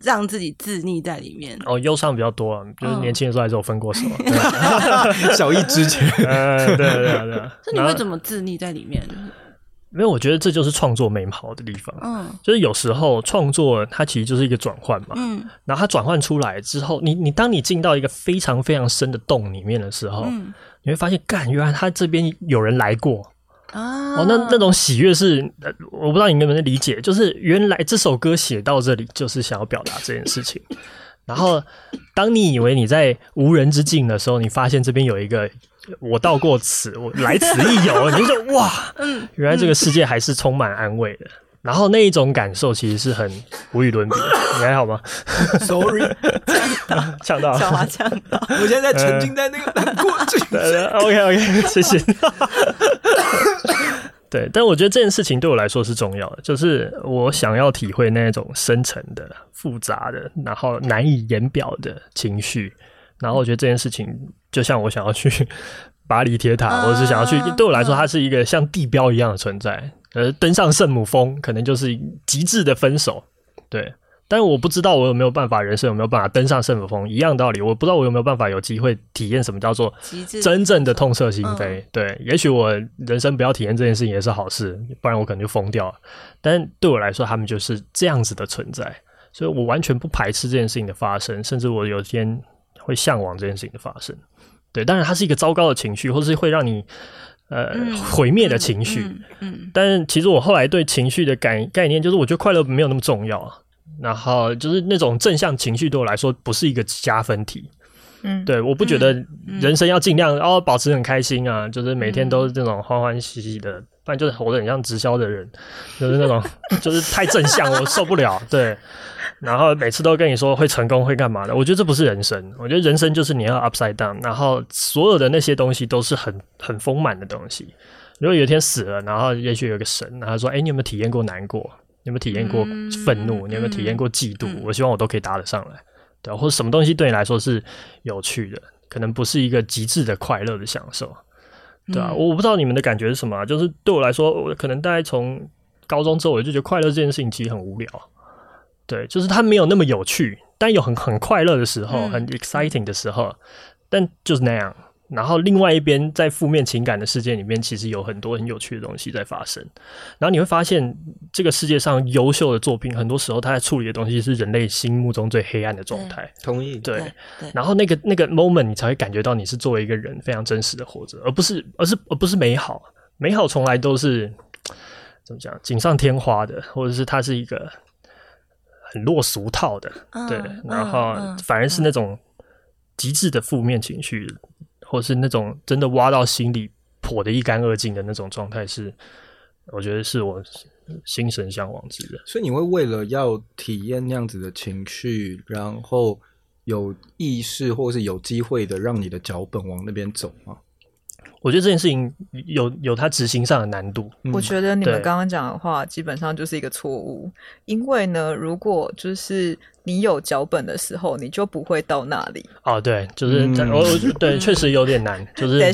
讓自己自溺在裡面。哦，憂傷比較多啊，就是年輕的時候還是有分過手。哦、 小易之前，對對對，對，對。 那你會怎麼自溺在裡面？就是。因為我覺得這就是創作美好的地方，嗯，就是有時候創作它其實就是一個轉換嘛，嗯，然後它轉換出來之後，你你當你進到一個非常非常深的洞裡面的時候，嗯，你會發現，幹，原來它這邊有人來過。啊。哦，那那種喜悅是，我不知道你能不能理解，就是原來這首歌寫到這裡就是想要表達這件事情， 然後當你以為你在無人之境的時候，你發現這邊有一個。我到過此，我來此一遊， 你就說哇，嗯，原來這個世界還是充滿安慰的。嗯。然後那一種感受其實是很無與倫比的。 你還好嗎？Sorry，嗆 到了，嗆到，了，到了，我現在沉浸在那個難過之中。OK，OK，謝謝。 對，但我覺得這件事情對我來說是重要的，就是我想要體會那種深沉的、複雜的，然後難以言表的情緒。然後我覺得這件事情就像我想要去巴黎鐵塔，嗯、或者是想要去，對我來說，它是一個像地標一樣的存在。呃，登上聖母峰可能就是極致的分手，對。但是我不知道我有沒有辦法，人生有沒有辦法登上聖母峰，一樣道理，我不知道我有沒有辦法有機會體驗什麼叫做真正的痛徹心扉。對、嗯，也許我人生不要體驗這件事情也是好事，不然我可能就瘋掉了。但對我來說，他們就是這樣子的存在，所以我完全不排斥這件事情的發生，甚至我有天。會向往這件事情的發生，對，當然它是一個糟糕的情緒，或者是會讓你呃、嗯、毀滅的情緒嗯嗯，嗯。但其實我後來對情緒的感概念，就是我覺得快樂沒有那麼重要啊。然後就是那種正向情緒對我來說不是一個加分題，嗯。對，我不覺得人生要儘量、嗯嗯、哦保持很開心啊，就是每天都是這種歡歡喜喜的。不然就是活得很像直銷的人，就是那種， 就是太正向，我受不了。對，然後每次都跟你說會成功，會幹嘛的？我覺得這不是人生，我覺得人生就是你要 upside down，然後所有的那些東西都是很很豐滿的東西。如果有一天死了，然後也許有一個神，然後說：“欸，你有沒有體驗過難過？你有沒有體驗過憤怒？你有沒有體驗過嫉妒？”我希望我都可以答得上來，對，或者什麼東西對你來說是有趣的，可能不是一個極致的快樂的享受。對啊，我，嗯，我不知道你們的感覺是什麼啊，就是對我來說，我可能大概從高中之後我就覺得快樂這件事情其實很無聊，對，就是它沒有那麼有趣，但有很很快樂的時候，很 exciting 的時候，嗯，但就是那樣。然後另外一邊在負面情感的世界裡面，其實有很多很有趣的東西在發生。然後你會發現，這個世界上優秀的作品，很多時候它在處理的東西是人類心目中最黑暗的狀態。同意。對。然後那個那個 moment，你才會感覺到你是作為一個人非常真實的活着，而不是，而是而不是美好。美好從來都是怎麼講錦上添花的，或者是它是一個很落俗套的。哦、對、哦。然後反而是那種極致的負面情緒。或是那種真的挖到心裡破得一乾二淨的那種狀態，是我覺得是我心神向往之的。所以你會為了要體驗那樣子的情緒，然後有意識或是有機會的讓你的腳本往那邊走嗎？我覺得這件事情有有它執行上的難度。我覺得你們剛剛講的話，基本上就是一個錯誤，因為呢，如果就是。你有腳本的時候，你就不會到那裡。哦，對，就是、嗯、對，確實有點難， 就是。得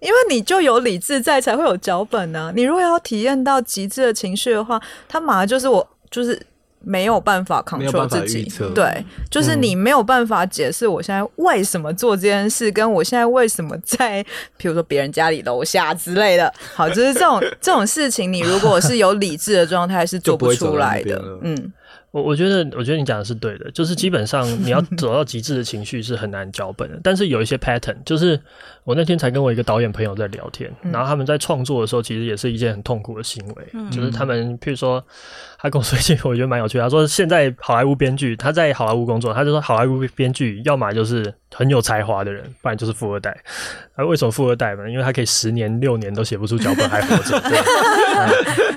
因為你就有理智在，才會有腳本呢、啊。你如果要體驗到極致的情緒的話，它馬上就是我就是沒有辦法 control 自己，對，就是你沒有辦法解釋我現在為什麼做這件事、嗯，跟我現在為什麼在，譬如說別人家裡樓下之類的。好，就是這種 這種事情，你如果是有理智的狀態， 是做不出來的。嗯。我覺得，我覺得你講的是對的，就是基本上你要走到極致的情緒是很難腳本的。 但是有一些 pattern，就是我那天才跟我一個導演朋友在聊天，嗯、然後他們在創作的時候，其實也是一件很痛苦的行為。嗯嗯，就是他們，譬如說，他跟我說一句，我覺得蠻有趣的，他說現在好萊塢編劇，他在好萊塢工作，他就說好萊塢編劇要麼就是很有才華的人，不然就是富二代。啊，為什麼富二代呢？因為他可以十年、六年都寫不出腳本還活着。 對啊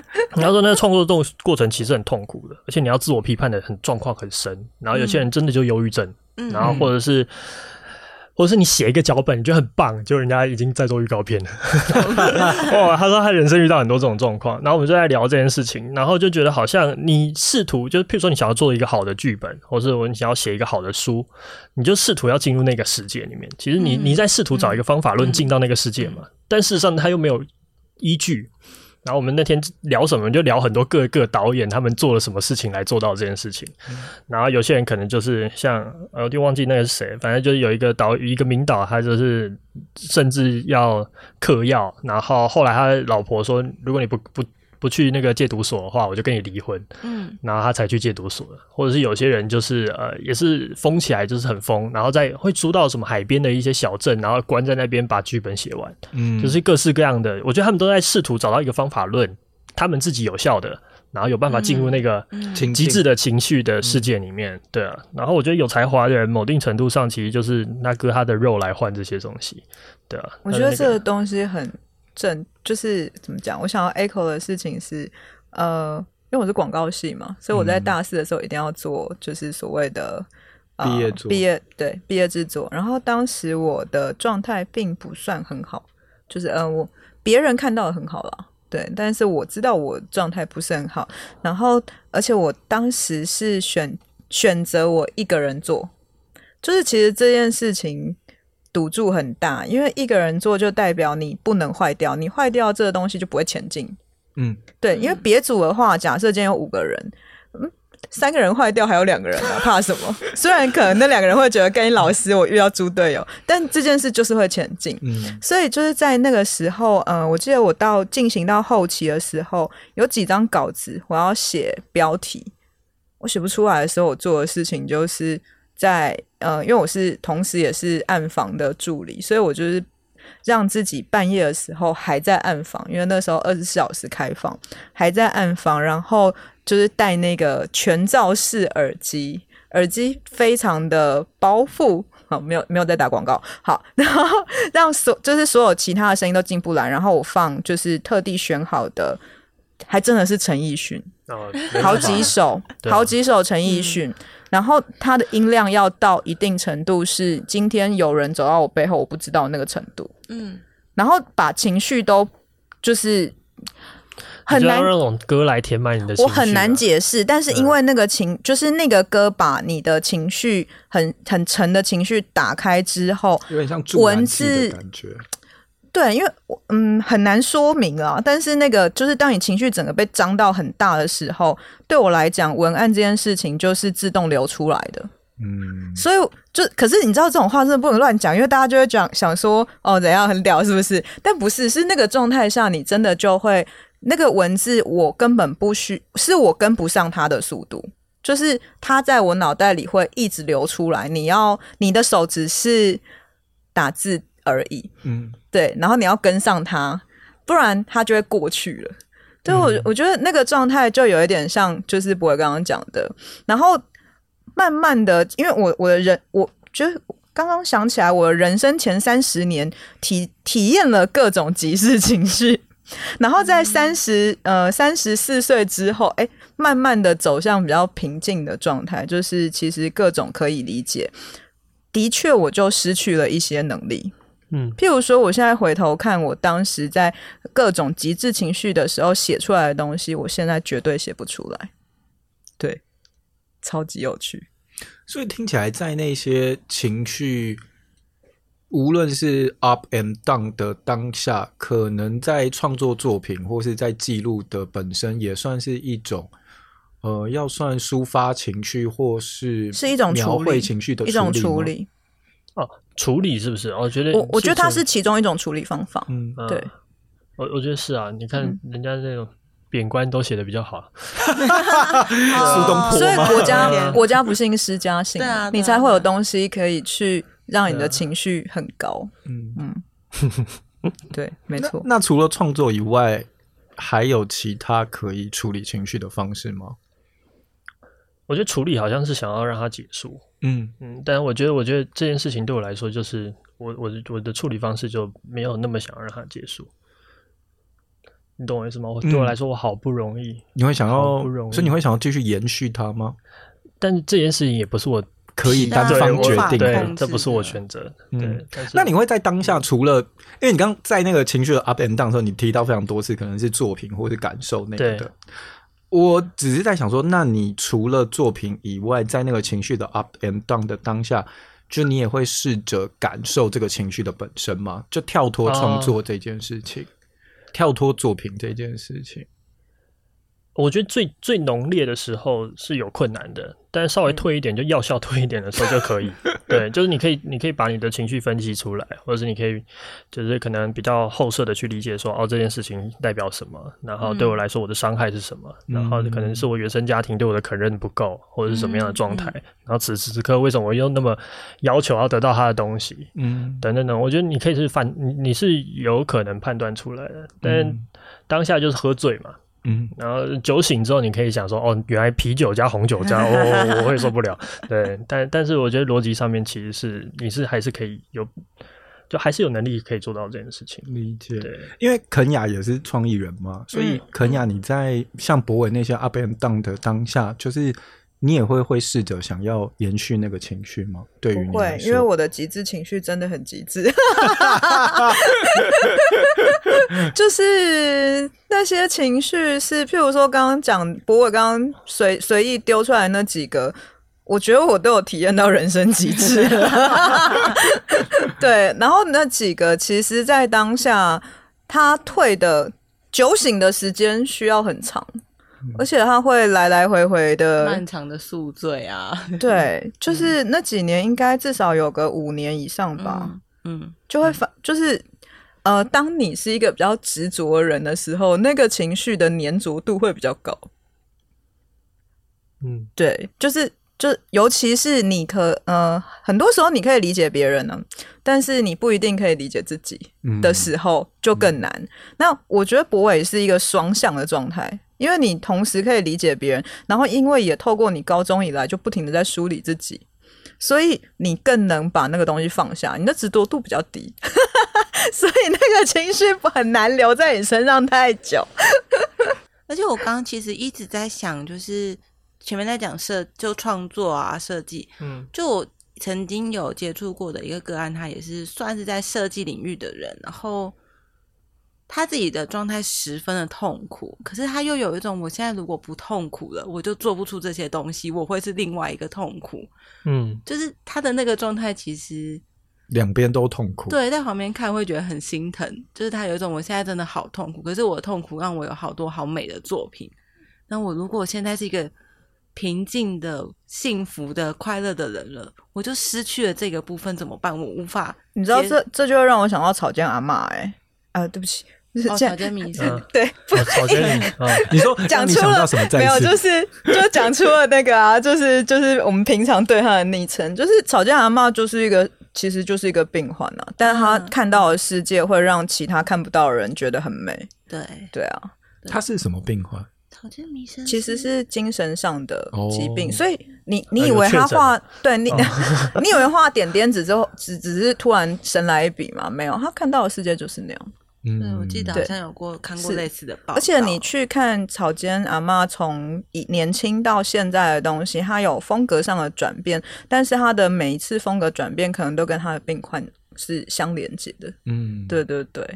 你要說那個創作動作過程其實很痛苦的，而且你要自我批判的很狀況很深。然後有些人真的就憂鬱症，嗯、然後或者是，或者是你寫一個腳本你覺得很棒，就人家已經在做預告片了。 哇，他說他人生遇到很多這種狀況，然後我們就在聊這件事情，然後就覺得好像你試圖，就是譬如說你想要做一個好的劇本，或者是我想要寫一個好的書，你就試圖要進入那個世界裡面。其實你你在試圖找一個方法論進到那個世界嘛，嗯、但事實上他又沒有依據。然後我們那天聊什麼，就聊很多各個導演他們做了什麼事情來做到這件事情。嗯。然後有些人可能就是像，哦，我就忘記那個是誰，反正就是有一個導一個名導，他就是甚至要嗑藥，然後後來他老婆說，如果你不不。不去那個戒毒所的話，我就跟你離婚。嗯，然後他才去戒毒所的，或者是有些人就是呃，也是瘋起來就是很瘋，然後在會租到什麼海邊的一些小鎮，然後關在那邊把劇本寫完。嗯，就是各式各樣的，我覺得他們都在試圖找到一個方法論，他們自己有效的，然後有辦法進入那個極致的情緒的世界裡面。對啊，然後我覺得有才華的人，某定程度上其實就是拿割他的肉來換這些東西。對啊，我覺得這個東西很。正，就是怎麼講，我想要 echo 的事情是，呃，因為我是廣告系嘛，所以我在大四的時候一定要做，就是所謂的畢業作、畢業，畢業，對，畢業製作。然後當時我的狀態並不算很好，就是嗯、呃，我別人看到很好了，對，但是我知道我狀態不是很好。然後而且我當時是選選擇我一個人做，就是其實這件事情，賭注很大，因為一個人做就代表你不能壞掉，你壞掉這個東西就不會前進。嗯，對，因為別組的話，假設今天有五個人，嗯，三個人壞掉還有兩個人、啊，怕什麼？ 雖然可能那兩個人會覺得跟你老師我遇到豬隊友，但這件事就是會前進。嗯，所以就是在那個時候，嗯、呃，我記得我到進行到後期的時候，有幾張稿子我要寫標題，我寫不出來的時候，我做的事情就是。在呃，因為我是同時也是暗房的助理，所以我就是讓自己半夜的時候還在暗房，因為那時候二十四小時開放，還在暗房。然後就是戴那個全罩式耳機，耳機非常的包覆，好、哦，沒有沒有在打廣告，好，然後讓所就是所有其他的聲音都進不來，然後我放就是特地選好的，還真的是陳奕迅、呃，好幾首， 好幾首陳奕迅。嗯然後它的音量要到一定程度，是今天有人走到我背後，我不知道那個程度。嗯，然後把情緒都就是很難那種歌來填滿你的情緒。我很難解釋，但是因為那個情，嗯、就是那個歌把你的情緒很很沉的情緒打開之後，有點像文字對，因為嗯很難說明啊，但是那個就是當你情緒整個被張到很大的時候，對我來講，文案這件事情就是自動流出來的。嗯，所以就可是你知道這種話真的不能亂講，因為大家就會講想說哦怎樣很屌是不是？但不是，是那個狀態下，你真的就會那個文字，我根本不需是我跟不上它的速度，就是它在我腦袋裡會一直流出來，你要你的手只是打字。而已，嗯，對，然後你要跟上他，不然他就會過去了。對我，我覺得那個狀態就有一點像，就是柏韋剛剛講的。然後慢慢的，因為我我的人，我覺得剛剛想起來，我人生前三十年體體驗了各種極致情緒，然後在三十呃三十四歲之後，哎，慢慢的走向比較平靜的狀態，就是其實各種可以理解，的確，我就失去了一些能力。嗯，譬如說，我現在回頭看我當時在各種極致情緒的時候寫出來的東西，我現在絕對寫不出來。對，超級有趣。所以聽起來，在那些情緒，無論是 up and down 的當下，可能在創作作品或是在記錄的本身，也算是一種，呃，要算抒發情緒，或是是一種描繪情緒的一種處理。哦。處理是不是？我覺得我我覺得它是其中一種處理方法。嗯，啊、對，我我覺得是啊。你看人家那種貶官都寫得比較好，蘇、嗯 oh. 東坡，所以國家 國家不幸詩家幸，啊， 你才會有東西可以去讓你的情緒很高。嗯嗯， 對，沒錯。那除了創作以外，還有其他可以處理情緒的方式嗎？我覺得處理好像是想要讓它結束。嗯嗯，但我覺得，我覺得這件事情對我來說，就是我我我的處理方式就沒有那麼想要讓它結束，你懂我意思嗎？對我來說、嗯，我好不容易，你會想要，好好所以你會想要繼續延續它嗎？但這件事情也不是我可以單方決定的、嗯，這不是我選擇。嗯但是，那你會在當下除了，因為你剛在那個情緒的 up and down 的時候，你提到非常多次，可能是作品或是感受那個。我只是在想說，那你除了作品以外，在那個情緒的 up and down 的當下，就你也會試着感受這個情緒的本身嗎？就跳脫創作這件事情，oh. 跳脫作品這件事情。我覺得最最濃烈的時候是有困難的，但是稍微退一點，就藥效退一點的時候就可以。 對，就是你可以，你可以把你的情緒分析出來，或者是你可以，就是可能比較後設的去理解說，哦，這件事情代表什麼？然後對我來說，我的傷害是什麼，嗯？然後可能是我原生家庭對我的肯認不夠，或者是什麼樣的狀態，嗯？然後此時此刻，為什麼我又那麼要求要得到他的東西？嗯，等等等，我覺得你可以是反，你你是有可能判斷出來的，但當下就是喝醉嘛。嗯，然後酒醒之後，你可以想說，哦，原來啤酒加紅酒加哦，我會受不了。 對，但但是我覺得邏輯上面其實是你是還是可以有，就還是有能力可以做到這件事情。理解。對。因為肯雅也是創意人嘛，所以肯雅你在像柏韋那些 up and down 的當下，就是。你也會會試着想要延續那個情緒嗎？對於你會，因為我的極致情緒真的很極致， 就是那些情緒是，譬如說剛剛講柏韋剛剛隨隨意丟出來那幾個，我覺得我都有體驗到人生極致， 對。然後那幾個其實，在當下他退的酒醒的時間需要很長。 而且他會來來回回的漫長的宿醉啊，對，就是那幾年應該至少有個五年以上吧，嗯，就會反、嗯、就是呃，當你是一個比較執着的人的時候，那個情緒的粘着度會比較高，嗯，對，就是就尤其是你可呃，很多時候你可以理解別人呢、啊，但是你不一定可以理解自己的時候就更難。嗯、那我覺得柏韋是一個雙向的狀態。因為你同時可以理解別人，然後因為也透過你高中以來就不停的在梳理自己，所以你更能把那個東西放下，你的執着度比較低， 所以那個情緒很難留在你身上太久。 而且我剛剛其實一直在想，就是前面在講設就創作啊設計，嗯，就我曾經有接觸過的一個個案，他也是算是在設計領域的人，然後，他自己的狀態十分的痛苦，可是他又有一種，我現在如果不痛苦了，我就做不出這些東西，我會是另外一個痛苦。嗯，就是他的那個狀態其實兩邊都痛苦。對，在旁邊看會覺得很心疼，就是他有一種，我現在真的好痛苦，可是我的痛苦讓我有好多好美的作品。那我如果我現在是一個平靜的、幸福的、快樂的人了，我就失去了這個部分怎麼辦？我無法。你知道這這就會讓我想到草間阿嬤哎、欸、啊，對不起。是草間彌生對，草間彌，你說講出了你想到什麼在？沒有，就是就講出了那個啊，就是就是我們平常對他的昵稱就是草間阿嬤就是一個，其實就是一個病患啊。但他看到的世界會讓其他看不到的人覺得很美。對、嗯、對啊，他是什麼病患建？其實是精神上的疾病，哦、所以你你以為他畫，對你、哦、 你以為畫點點子之後，只只是突然神來一筆嗎？沒有，他看到的世界就是那樣。嗯，我記得好像有過看過類似的報道，而且你去看草間阿嬤從以年輕到現在的東西，她有風格上的轉變，但是她的每一次風格轉變可能都跟她的病患是相連接的。嗯，對對對，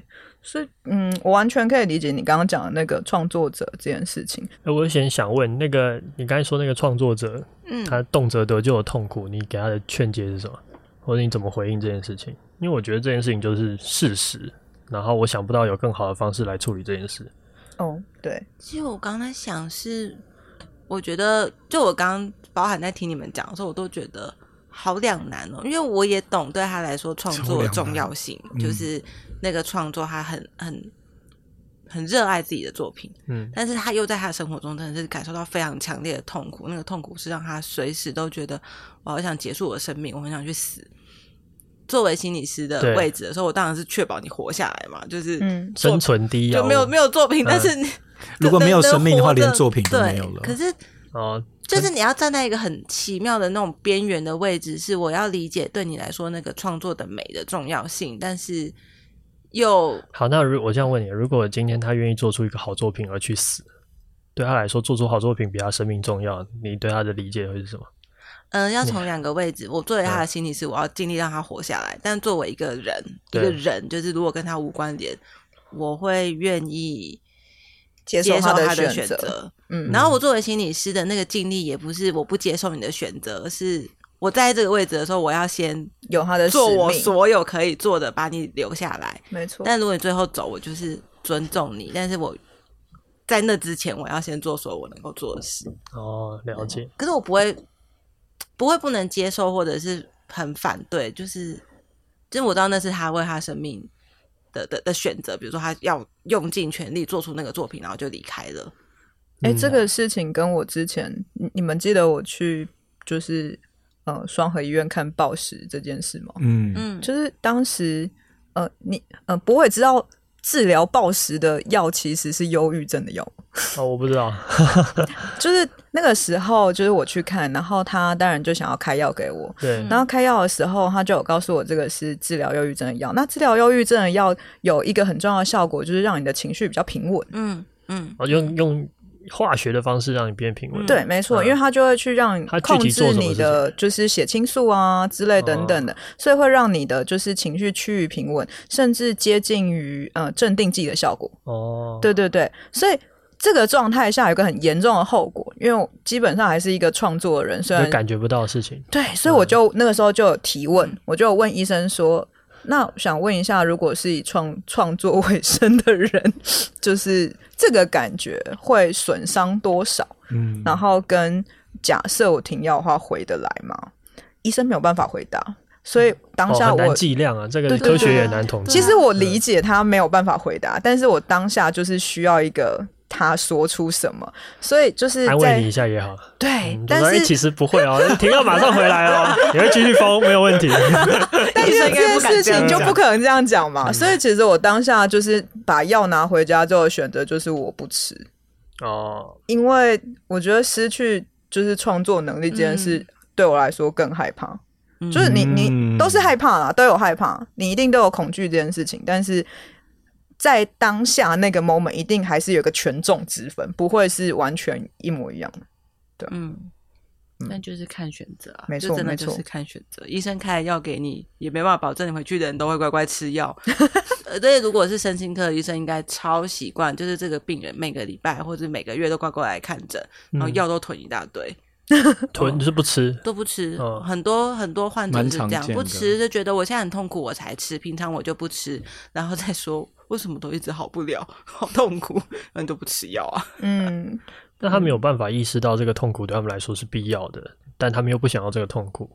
所以嗯，我完全可以理解你剛剛講的那個創作者這件事情。呃，我有點想問那個你剛才說那個創作者，嗯，他動輒得咎的痛苦，你給他的勸解是什麼，或者你怎麼回應這件事情？因為我覺得這件事情就是事實。然後我想不到有更好的方式來處理這件事。哦、oh，對，其實我剛才想是，我覺得就我剛包含在聽你們講的時候，我都覺得好兩難哦。因為我也懂對他來說創作的重要性，嗯、就是那個創作他很很很熱愛自己的作品，嗯，但是他又在他的生活中真的是感受到非常強烈的痛苦，那個痛苦是讓他隨時都覺得我好想結束我的生命，我很想去死。作為心理師的位置的時候，所以我當然是確保你活下來嘛，就是生存第一，就沒有沒有作品。嗯，但是如果沒有生命的話， 連作品都沒有了。對，可是哦，就是你要站在一個很奇妙的那種邊緣的位置，是我要理解對你來說那個創作的美的重要性，但是又好。那如我這樣問你，如果今天他願意做出一個好作品而去死，對他來說，做出好作品比他生命重要，你對他的理解會是什麼？嗯，要從兩個位置。我作為他的心理師，嗯、我要盡力讓他活下來。但作為一個人，一個人，就是如果跟他無關聯，我會願意接受他的選擇。嗯，然後我作為心理師的那個盡力，也不是我不接受你的選擇、嗯，是我在這個位置的時候，我要先有他的做我所有可以做的，把你留下來。沒錯。但如果你最後走，我就是尊重你。但是我在那之前，我要先做所有我能夠做的事。哦，了解。嗯、可是我不會。不會不能接受，或者是很反對，就是，就是我知道那是他為他生命的的的選擇，比如說他要用盡全力做出那個作品，然後就離開了。哎、嗯欸，這個事情跟我之前，你們記得我去就是呃雙和醫院看暴食這件事嗎？嗯嗯，就是當時呃你呃不會知道。治療暴食的藥其實是憂鬱症的藥。哦，我不知道。 就是那個時候，就是我去看，然後他當然就想要開藥給我。對。然後開藥的時候，他就有告訴我，這個是治療憂鬱症的藥。那治療憂鬱症的藥有一個很重要的效果，就是讓你的情緒比較平穩。嗯嗯。我、哦、用用。用化學的方式讓你變平穩，嗯，對，沒錯，因為它就會去讓你控制你的，就是血清素啊之類等等的，所以會讓你的，就是情緒趨於平穩，甚至接近於呃鎮定劑的效果。哦，對對對，所以這個狀態下有個很嚴重的後果，因為我基本上還是一個創作人，所以感覺不到的事情，對，所以我就、嗯、那個時候就有提問，我就有問醫生說。那想問一下，如果是以創創作為生的人，就是這個感覺會損傷多少？嗯，然後跟假設我停藥的話回得來嗎？醫生沒有辦法回答，所以當下我，哦，很難計量啊，這個科學也難統計，對對對，對對對。其實我理解他沒有辦法回答，但是我當下就是需要一個。他說出什麼，所以就是安慰你一下也好。對，嗯、但是其實不會哦、喔， 停藥馬上回來哦、喔， 你會繼續瘋，沒有問題。但是這件事情就不可能這樣講嘛、嗯。所以其實我當下就是把藥拿回家，之後，選擇就是我不吃哦、嗯，因為我覺得失去就是創作能力這件事對我來說更害怕。嗯、就是你你都是害怕啦、啊嗯，都有害怕，你一定都有恐懼這件事情，但是。在當下那個 moment，一定還是有個權重之分，不會是完全一模一樣的。對，嗯，那、嗯、就是看選擇、啊，沒錯，就真的就是看選擇。醫生開了藥給你，也沒辦法保證你回去的人都會乖乖吃藥。 呃，所以如果是身心科的醫生，應該超習慣，就是這個病人每個禮拜或者每個月都乖乖來看診，然後藥都囤一大堆。嗯吞 是不吃，哦，都不吃，哦、很多很多患者是這樣，不吃就覺得我現在很痛苦，我才吃，平常我就不吃，然後再說為什麼都一直好不了，好痛苦，那你都不吃藥啊。嗯，那、啊、他沒有辦法意識到這個痛苦對他們來說是必要的，嗯、但他們又不想要這個痛苦。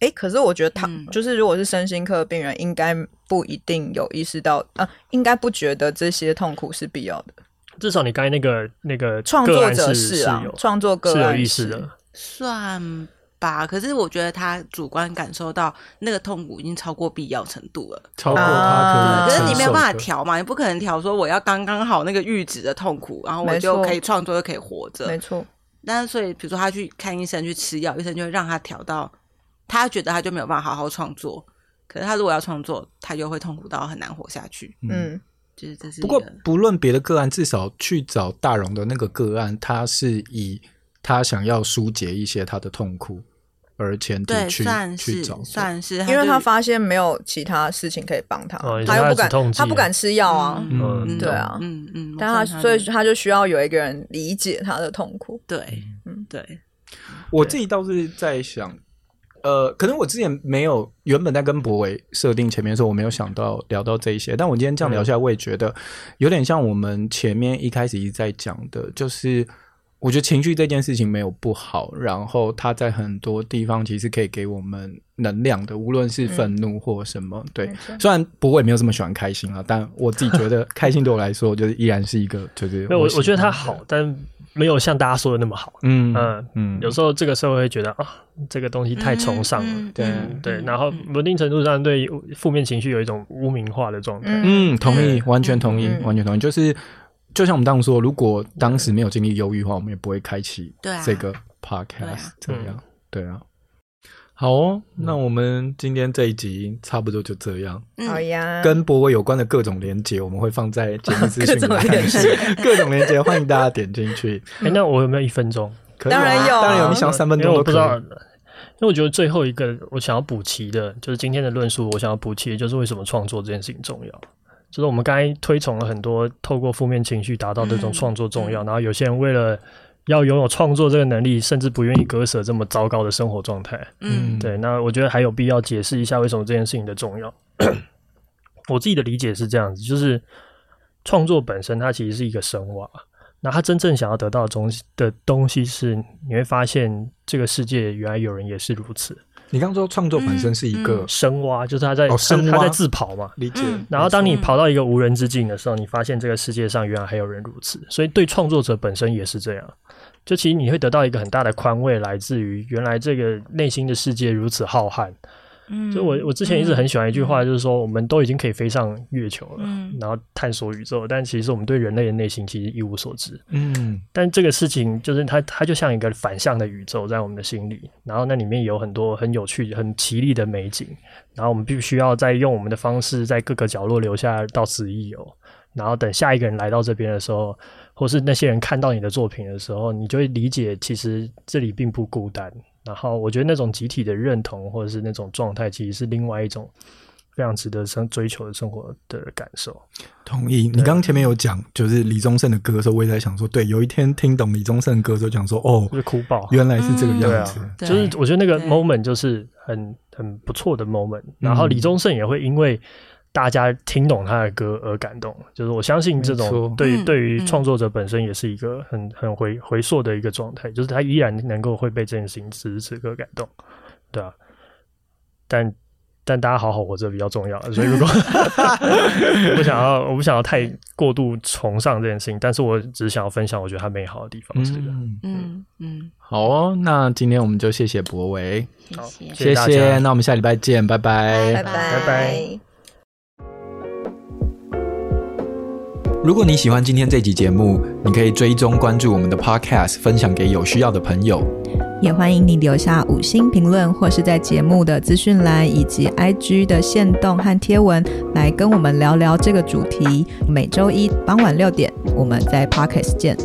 誒可是我覺得他、嗯、就是如果是身心科病人，應該不一定有意識到啊，應該不覺得這些痛苦是必要的。至少你剛才那個那個創作者是、啊、是有創作歌是有意思的，算吧。可是我覺得他主觀感受到那個痛苦已經超過必要程度了，超過他可、啊、可是你沒有辦法調嘛，你不可能調說我要剛剛好那個閾值的痛苦，然後我就可以創作就可以活着，沒錯。但是所以，比如說他去看醫生去吃藥，醫生就會讓他調到他覺得他就沒有辦法好好創作。可是他如果要創作，他就會痛苦到很難活下去。嗯。就是、是不過，不論別的個案，至少去找大容的那個個案，他是以他想要疏解一些他的痛苦而前提去對去，去找，算，算因為他發現沒有其他事情可以幫他，哦、他不敢他、啊，他不敢吃藥啊嗯，嗯，對啊，嗯嗯，嗯，但他所以他，所以他就需要有一個人理解他的痛苦，對，嗯對，對。我自己倒是在想。呃，可能我之前沒有原本在跟柏韋設定前面的時候，我沒有想到聊到這一些。嗯、但我今天這樣聊下來，我也覺得有點像我們前面一開始一直在講的，就是我覺得情緒這件事情沒有不好，然後它在很多地方其實可以給我們能量的，無論是憤怒或什麼。嗯、對、嗯，雖然柏韋沒有這麼喜歡開心啊，但我自己覺得開心對我來說，我覺得依然是一個就是我，我我覺得它好，但。沒有像大家說的那麼好，嗯嗯嗯，有時候這個社會會覺得啊，這個東西太崇尚了，嗯嗯、對、嗯、對，然後一定程度上對負面情緒有一種污名化的狀態，嗯，同意，完全同意，嗯、完全同意，嗯同意嗯、就是就像我們當時說，如果當時沒有經歷憂鬱的話，我們也不會開啟這個 podcast，、啊、這樣，對啊。嗯對啊好哦、嗯，那我們今天這一集差不多就這樣。好、嗯、呀，跟柏韋有關的各種連結，我們會放在節目資訊。各種連結 連， 歡迎大家點進去、欸。那我有沒有一分鐘、啊？當然有，當然有，啊、你想要三分鐘我。因那我，我覺得最後一個我想要補齊的，就是今天的論述，我想要補齊，就是為什麼創作這件事情重要。就是我們剛才推崇了很多透過負面情緒達到這種創作重要、嗯，然後有些人為了。要擁有創作這個能力，甚至不願意割捨這麼糟糕的生活狀態。嗯，對。那我覺得還有必要解釋一下為什麼這件事情的重要。 我自己的理解是這樣子，就是創作本身它其實是一個神話。那他真正想要得到的東西的東西是，你會發現這個世界原來有人也是如此。你剛剛說，創作本身是一個、嗯嗯、深挖，就是他在、哦、深他在自跑嘛，理解。然後當你跑到一個無人之境的時候，嗯、你，你發現這個世界上原來還有人如此，所以對創作者本身也是這樣。就其實你會得到一個很大的寬慰，來自於原來這個內心的世界如此浩瀚。嗯，所以我，我我之前一直很喜歡一句話，就是說，我們都已經可以飛上月球了，嗯，然後探索宇宙，但其實我們對人類的內心其實一無所知。嗯，但這個事情就是它，它就像一個反向的宇宙在我們的心裡，然後那裡面有很多很有趣，很奇麗的美景，然後我們必須要再用我們的方式在各個角落留下到此一遊，然後等下一個人來到這邊的時候，或是那些人看到你的作品的時候，你就會理解，其實這裡並不孤單。然後我覺得那種集體的認同或者是那種狀態，其實是另外一種非常值得生追求的生活的感受。同意。你剛剛前面有講，就是李宗盛的歌的時候，我也在想說，對，有一天聽懂李宗盛的歌的時候，講說，哦、就是哭爆，原來是這個樣子、嗯啊。就是我覺得那個 moment 就是很很不錯的 moment。然後李宗盛也會因為。嗯大家聽懂他的歌而感動，就是我相信這種對於對於創、嗯、作者本身也是一個很、嗯、很回回溯的一個狀態，就是他依然能夠會被這件事情此時此刻感動，對啊。但但大家好好活着比較重要，所以如果我 想要我不想要太過度崇尚這件事情，但是我只想要分享我覺得他美好的地方。嗯嗯嗯，好哦，那今天我們就謝謝柏韋謝謝好謝，謝，謝謝，那我們下禮拜見，拜拜拜拜拜。如果你喜歡今天這集節目，你可以追蹤關注我們的 podcast，分享給有需要的朋友。也歡迎你留下五星評論，或是在節目的資訊欄以及 IG 的限動和貼文來跟我們聊聊這個主題。每週一傍晚六點，我們在 podcast 見。